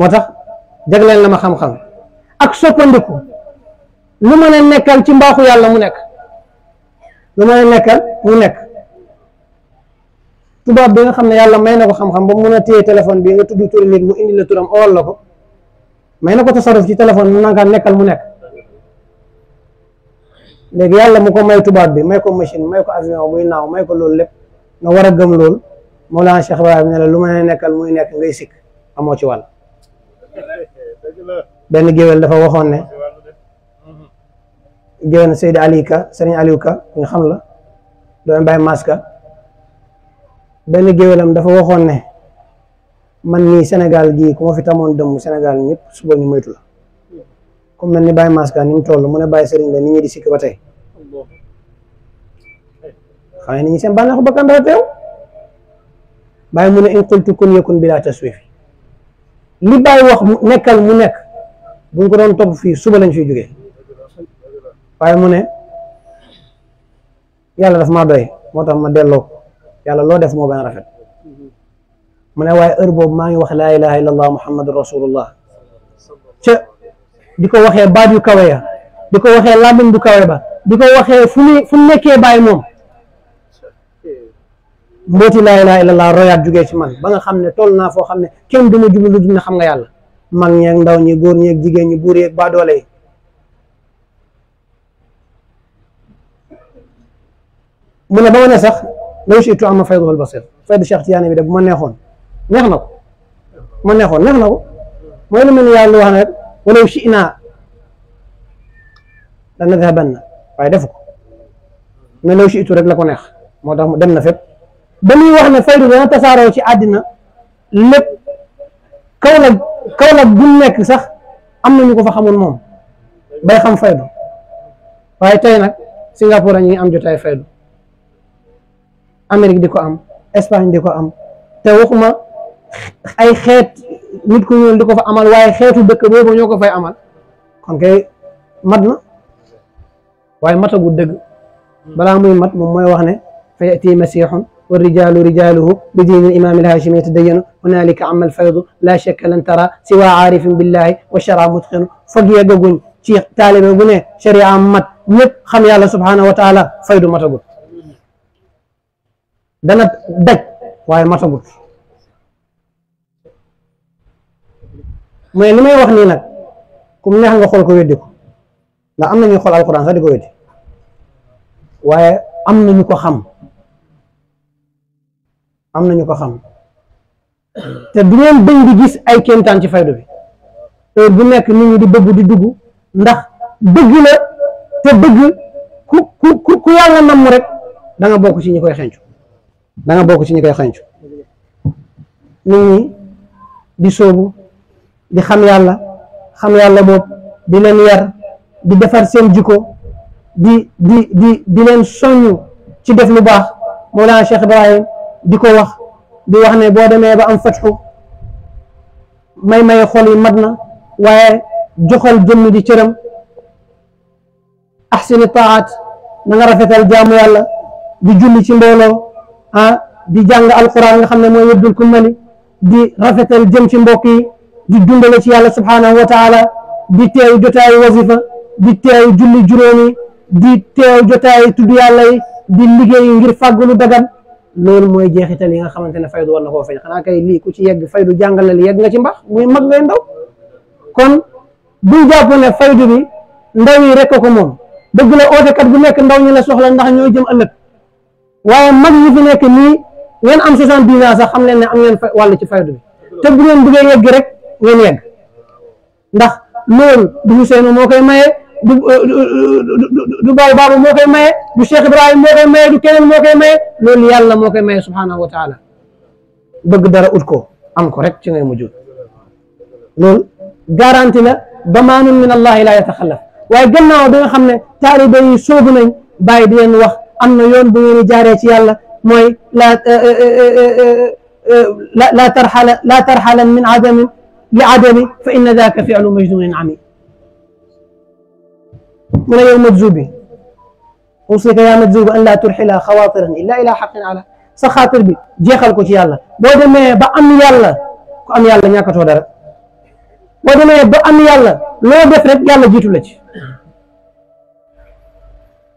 موتاخ دغلن خم خم اك سوكونديكو lu mën a nekkal ci mbaaxu yàlla mu nekk lu mën a nekkal mu nekk tubaab bi nga xam ne yàlla may na ko xam-xam ba mu mën a bi nga tubi turi nit mu indi la turam ool la ko may na ko tasaruf ci téléphone mu nankaa nekkal mu nekk léegi yàlla mu ko may tubaab bi may ko machine may ko avion buy naaw may ko loolu lépp nga war a gëm loolu Mawlana Cheikh Ibrahim ne la lu ma a nekkal muy nekk ngay sikk amoo ci wàll benn géwél dafa waxoon ne jëwén Seydi Aliou Ka Serigne Aliou Ka xam la doomu Baye Maska benn géwélam dafa waxoon ne man nii senegal gii ku ma fi tamoon dëmm senegal ñëpp suba ñu moytu la ni Baye Maska ni mu toll mu ne Baye Serigne la ni ñu di sikki ba tey xam ne ni ñu seen bànneexu bakkan dafa teew Baye mu ne in qultu wax mu nekkal mu nekk bu ko doon topp fii suba lañ fiy jógee waaye mu ne yàlla daf ma doy moo tax ma delloo yàlla loo def moo gën a rafet mu ne waaye heure boobu maa ngi wax laa ilaha illallah muhammadu rasulullah ca di ko waxee baat yu kawe ya di ko waxee làmmiñ bu kawe ba di ko waxee fu mu fu mu nekkee bàyyi moom mbooti laa ilaha illallah royaat jugee ci man ba nga xam ne toll naa foo xam ne kenn du ma jublu lu ne xam nga yàlla mag ñeeg ndaw ñi góor ñeeg jigéen ñi buur yeeg baadoole yi من بون نسخ ليش يتو عم فيض بالبصير فيض شخص يعني بدك من يخون نخنو من يخون نخنو وين من يالو هنا ولو شئنا لنذهبن فايدفك من لو شئت رجل كونخ ما دام دمنا فيب بني وحنا فيض لا تسارع شي عدنا لب كون كون بنك صح امنا نكو فا خمون موم باي خم فايدو فايتاي نك سنغافور ني ام جوتاي فايدو Amérique di ko am Espagne di ko am te waxuma ay xeet nit ku ñuul di ko fa amal waaye xeetu dëkk boobu ñoo ko fay amal kon kay mat na waaye matagul dëgg balaa muy mat moom mooy wax ne fa yati masihun والرجال رجاله بدين الإمام الهاشمي يتدين هنالك عم الفيض لا شك لن ترى سوى عارف بالله والشرع متقن فقيه قون شيخ طالب قونه شريعة مت نب خم يالله سبحانه وتعالى فيض متقن dana daj waaye masagut mooy li may wax ni nak kum neex nga xol ko weddi ko la am na xol xool sax di ko weddi waaye am na ñu ko xam am ñu ko xam te bu ngeen bañ di gis ay kentan ci faydu bi heure bu nekk nit ñi di bëgg di dugg ndax bëgg la te bëgg ku ku ku yalla nam rek da nga bokku ci ñi koy xëncu da nga ci ñi koy xencu nit ñi di sóobu di xam yàlla xam yàlla boobu di leen yar di defar seen jikko di di leen soññu ci def lu baax Mawlana Cheikh Ibrahim di ko wax di wax ne boo demee ba am fatxu may may xol yi mat na waaye joxal jëmm ji cëram ahsini taat na nga rafetal jaamu yàlla di julli ci mbooloo ah di jàng alquran nga xam ne mooy yëddul kummali di rafetal jëm ci mbokk yi di dundale ci yàlla subhaanahu wa taala di teew jotaayu wazifa di teew julli juróomi di teew jotaayu tudd yàlla yi di liggéey ngir fàggulu dagan loolu mooy jeexital yi nga xamante ne faydu war na koo feeñ xanaa kay lii ku ci yegg faydu jàngale li yegg nga ci mbax muy mag ngay ndaw kon buñ jàpp ne faydu bi ndaw yi rek ko moom dëgg la ootekat bu nekk ndaw ñi la soxla ndax ñoo jëm ëllëg waaye mag yi fi nekk nii ngeen am 70 ans sax xam leen ne am ngeen wàll ci faydu bi te bu ngeen bëggee yegg rek ngeen yegg ndax loolu du Ousseynou moo koy maye du du Baay Baabu moo koy maye du Cheikh Ibrahim moo koy maye du keneen moo koy maye loolu yàlla moo koy maye subhanahu wa taala bëgg dara ut ko am ko rek ci ngay mujj loolu garanti la damaanun min allahi laa yataxallaf waaye gannaaw bi nga xam ne taalibe yi soobu nañ bàyyi di leen wax am na yoon bu ngeen di jaaree ci yàlla mooy la la tarxala la tarxalan min adamin li adami fa inna daaka fi'lu majnuunin ami من يوم مجذوب اوصيك يا مجذوب ان لا ترحل خواطرا الا الى حق على sa xaatir bi jeexal ko ci yàlla boo demee ba am yàlla ku am yàlla ñàkkatoo dara boo demee ba am yàlla loo def rek yàlla jiitu la ci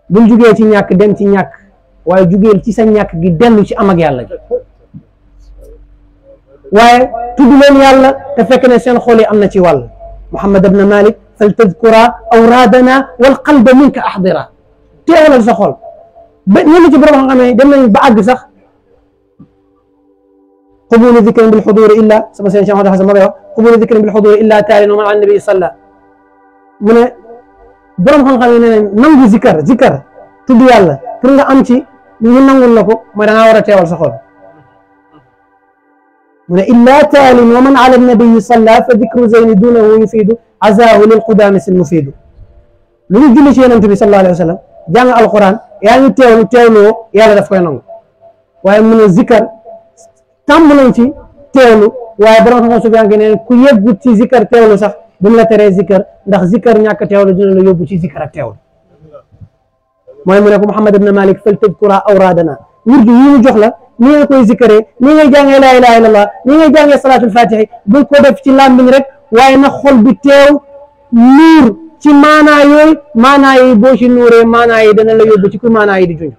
bul jugee ci ñàkk dem ci ñàkk waaye jugeel ci sa ñàkk gi dellu ci am ak yàlla gi waaye tudd leen yàlla te fekk ne seen xool yi am na ci wàll Muhammad ibn Malik fal tadkura awraadana wal qalba minka ahdira teewalal sa xol ba ñenn ci borom xam ne dem nañ ba àgg sax قبول ذكر بالحضور الا سبحان الله حسن ما قبول ذكر بالحضور الا تال ومن على النبي صلى من borom xam-xam yi nangu zikkar zikkar tudd yàlla pour nga am ci ñu nangul la ko mooy da ngaa war a teewal sa xol mu wa man ala annabiyi salla fa dicru zeyni duunahu yufiidu azaahu lil qudaamisil mufiidu lu ñu julli ci yonent bi sallallahu alayhi wa sallam jàng alquran yaa ngi teewlu teewloo yàlla daf koy nangu waaye mu ne zikkar tàmm nañ ci teewlu waaye borom xam-xam su yaa ngi ku yëggut ci zikkar teewlu sax bu la téré zikr ndax zikr ñak téwlu dina la yóbbu ci zikr ak téwlu moy mu ne ko Muhammad ibn Malik fal tadkura awradana wirdu yi ñu jox la ni nga koy zikré ni nga jàngé la ilaha illallah ni nga jàngé salatul fatixi bu ko def ci làmmiñ rek waye na xol bi téw nur ci mana yooyu mana yi bo ci nuré mana yi dana la yóbbu ci ku mana yi di junj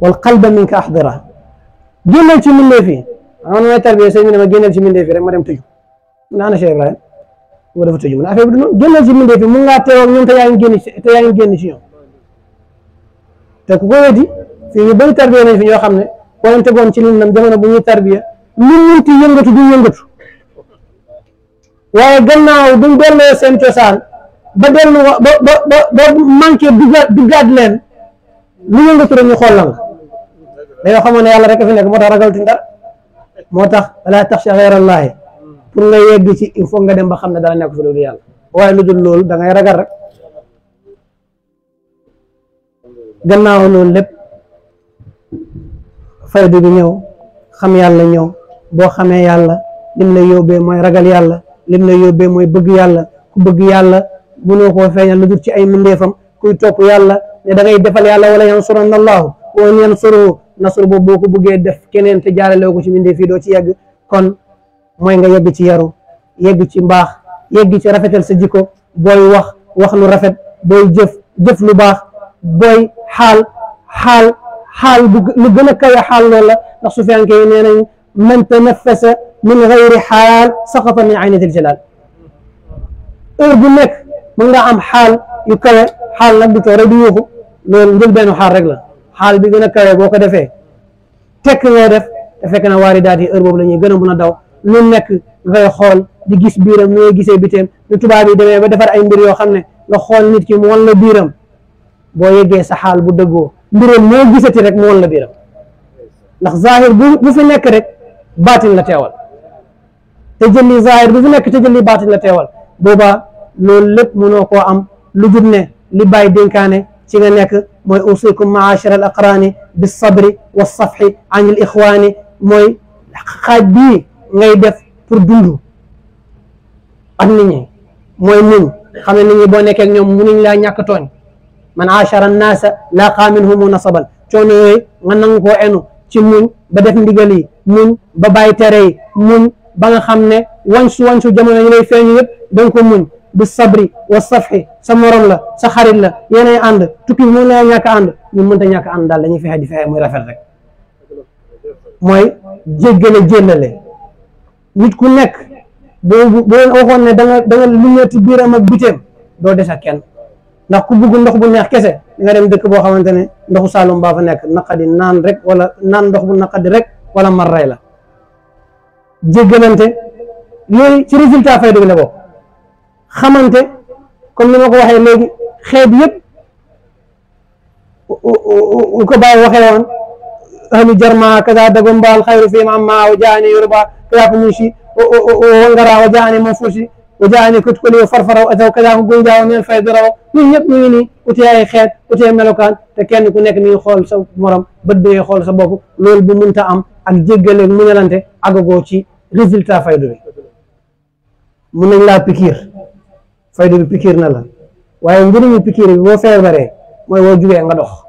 wal qalba min ka axdira génnal ci min fii man may tarbiya sëñ bi ne ma génneel ci mbindee fi rek ma dem tëju na ana Cheikh Ibrahima ma dafa tëju mu ne te yaa ngi te yaa ngi génn ci te ko weddi fii ñu bëri tarbiya nañ fi ñoo xam ne warante goon ci liñ nam jamono bu ñuy tarbiya lu munti yëngatu du yëngatu waaye gannaaw buñ delloo seen cosaan ba dellu ba ba ba ba manqué leen lu yëngatu rek ñu xool la nga xamoon ne yàlla rek a fi nekk moo tax ragal ti motax ala wala taxsha xeer pour nga yegg ci il faut nga dem ba xamne dara nek fi lolu yalla way lu dul lolu da ngay ragal rek gannaaw lolu lepp fayda bi ñew xam yalla ñew bo xame yalla lim lay yobé moy ragal yalla lim lay yobé moy bëgg yalla ku bëgg yalla mënoo ko feñal lu dul ci ay mindeefam kuy top yalla ne da ngay defal yalla wala yansuranna wa yansuruhu nasru boobu boo ko bëggee def keneen te jaarale ko ci mbindee fii doo ci yegg kon mooy nga yegg ci yaru yegg ci mbax yegg ci rafetal sa jikko boy wax wax lu rafet boy jëf jëf lu bax boy hal hal hal lu gëna kay hal xaal la ndax su fenke yi man tanafasa min ghayr hal saqata min al jalal eur bu nek mo nga am hal yu kay hal nag du coore du yuuxu lool ngeul benu hal rek la xaal bi gën a kawe boo ko defee tekk ngay def te fekk na waari daat yi heure boobu la gën a mun a daw lu nekk nga xool di gis biiram nu ngay gisee biteem lu tubaab yi demee ba defar ay mbir yoo xam ne nga xool nit ki mu won la biiram boo yeggee sa xaal bu dëggoo mbiram moo gisati rek mu won la biiram ndax zahir bu bu fi nekk rek baatin la teewal te jëli zahir bu fi nekk te jëli baatin la teewal boobaa loolu lépp mënoo koo am lu ne li bàyyi dénkaane ci nga nekk أوصيكم معاشر الأقران بالصبr والصفح عن الإخوان mooy xaaj bii ngay def pour dund ak nit ñi mooy muñ xam ne nit ñi boo nekkee ñoom munuñ laa ñàkk tooñ man aachara nnaasa laaqa minhumu nasaban coono yooyu nga nangu koo enu ci muñ ba def ndigal yi muñ ba bàyyi tere yi muñ ba nga xam ne wansu wansu jamono yi lay feeñu yëpp danga ko muñ bi sabri wa safxi sa morom la sa xarit la yéenay ànd tukki mën la ñàkk ànd ñun mënta ñàkk ànd daal dañuy fexe di fexe muy rafet rek mooy jéggale jéllale nit ku nekk boo boo ne da nga da nga luñeeti biiram ak biteem doo des ak kenn ndax ku bugg ndox bu neex kese nga dem dëkk boo xamante ne ndoxu Saalum baa fa nekk naqadi naan rek wala naan ndox bu naqadi rek wala mar rey la jéggalante yooyu ci résultat fay dugg la xamante comme ni ma ko waxee léegi xeet yëpp u ko bàyyi waxee woon ahlu jarma kaza dagombaal xayru fihim amma wa jaani yoruba kaza kumushi wangara wa jaani manfushi wa jaani kutkuli wa farfara wa ataw kaza ko gunjaa wa meen faydara wa ñun ñëpp ñu ngi nii utee ay xeet utee melokaan te kenn ku nekk mi ngi xool sa morom bët bi xool sa bopp loolu bu mënta am ak jéggaleeg muñalante agagoo ci résultat faydu bi mun nañ laa pikiir fayda bi pikiir na la waaye njëriñu pikiir bi boo feebaree mooy boo jugee nga dox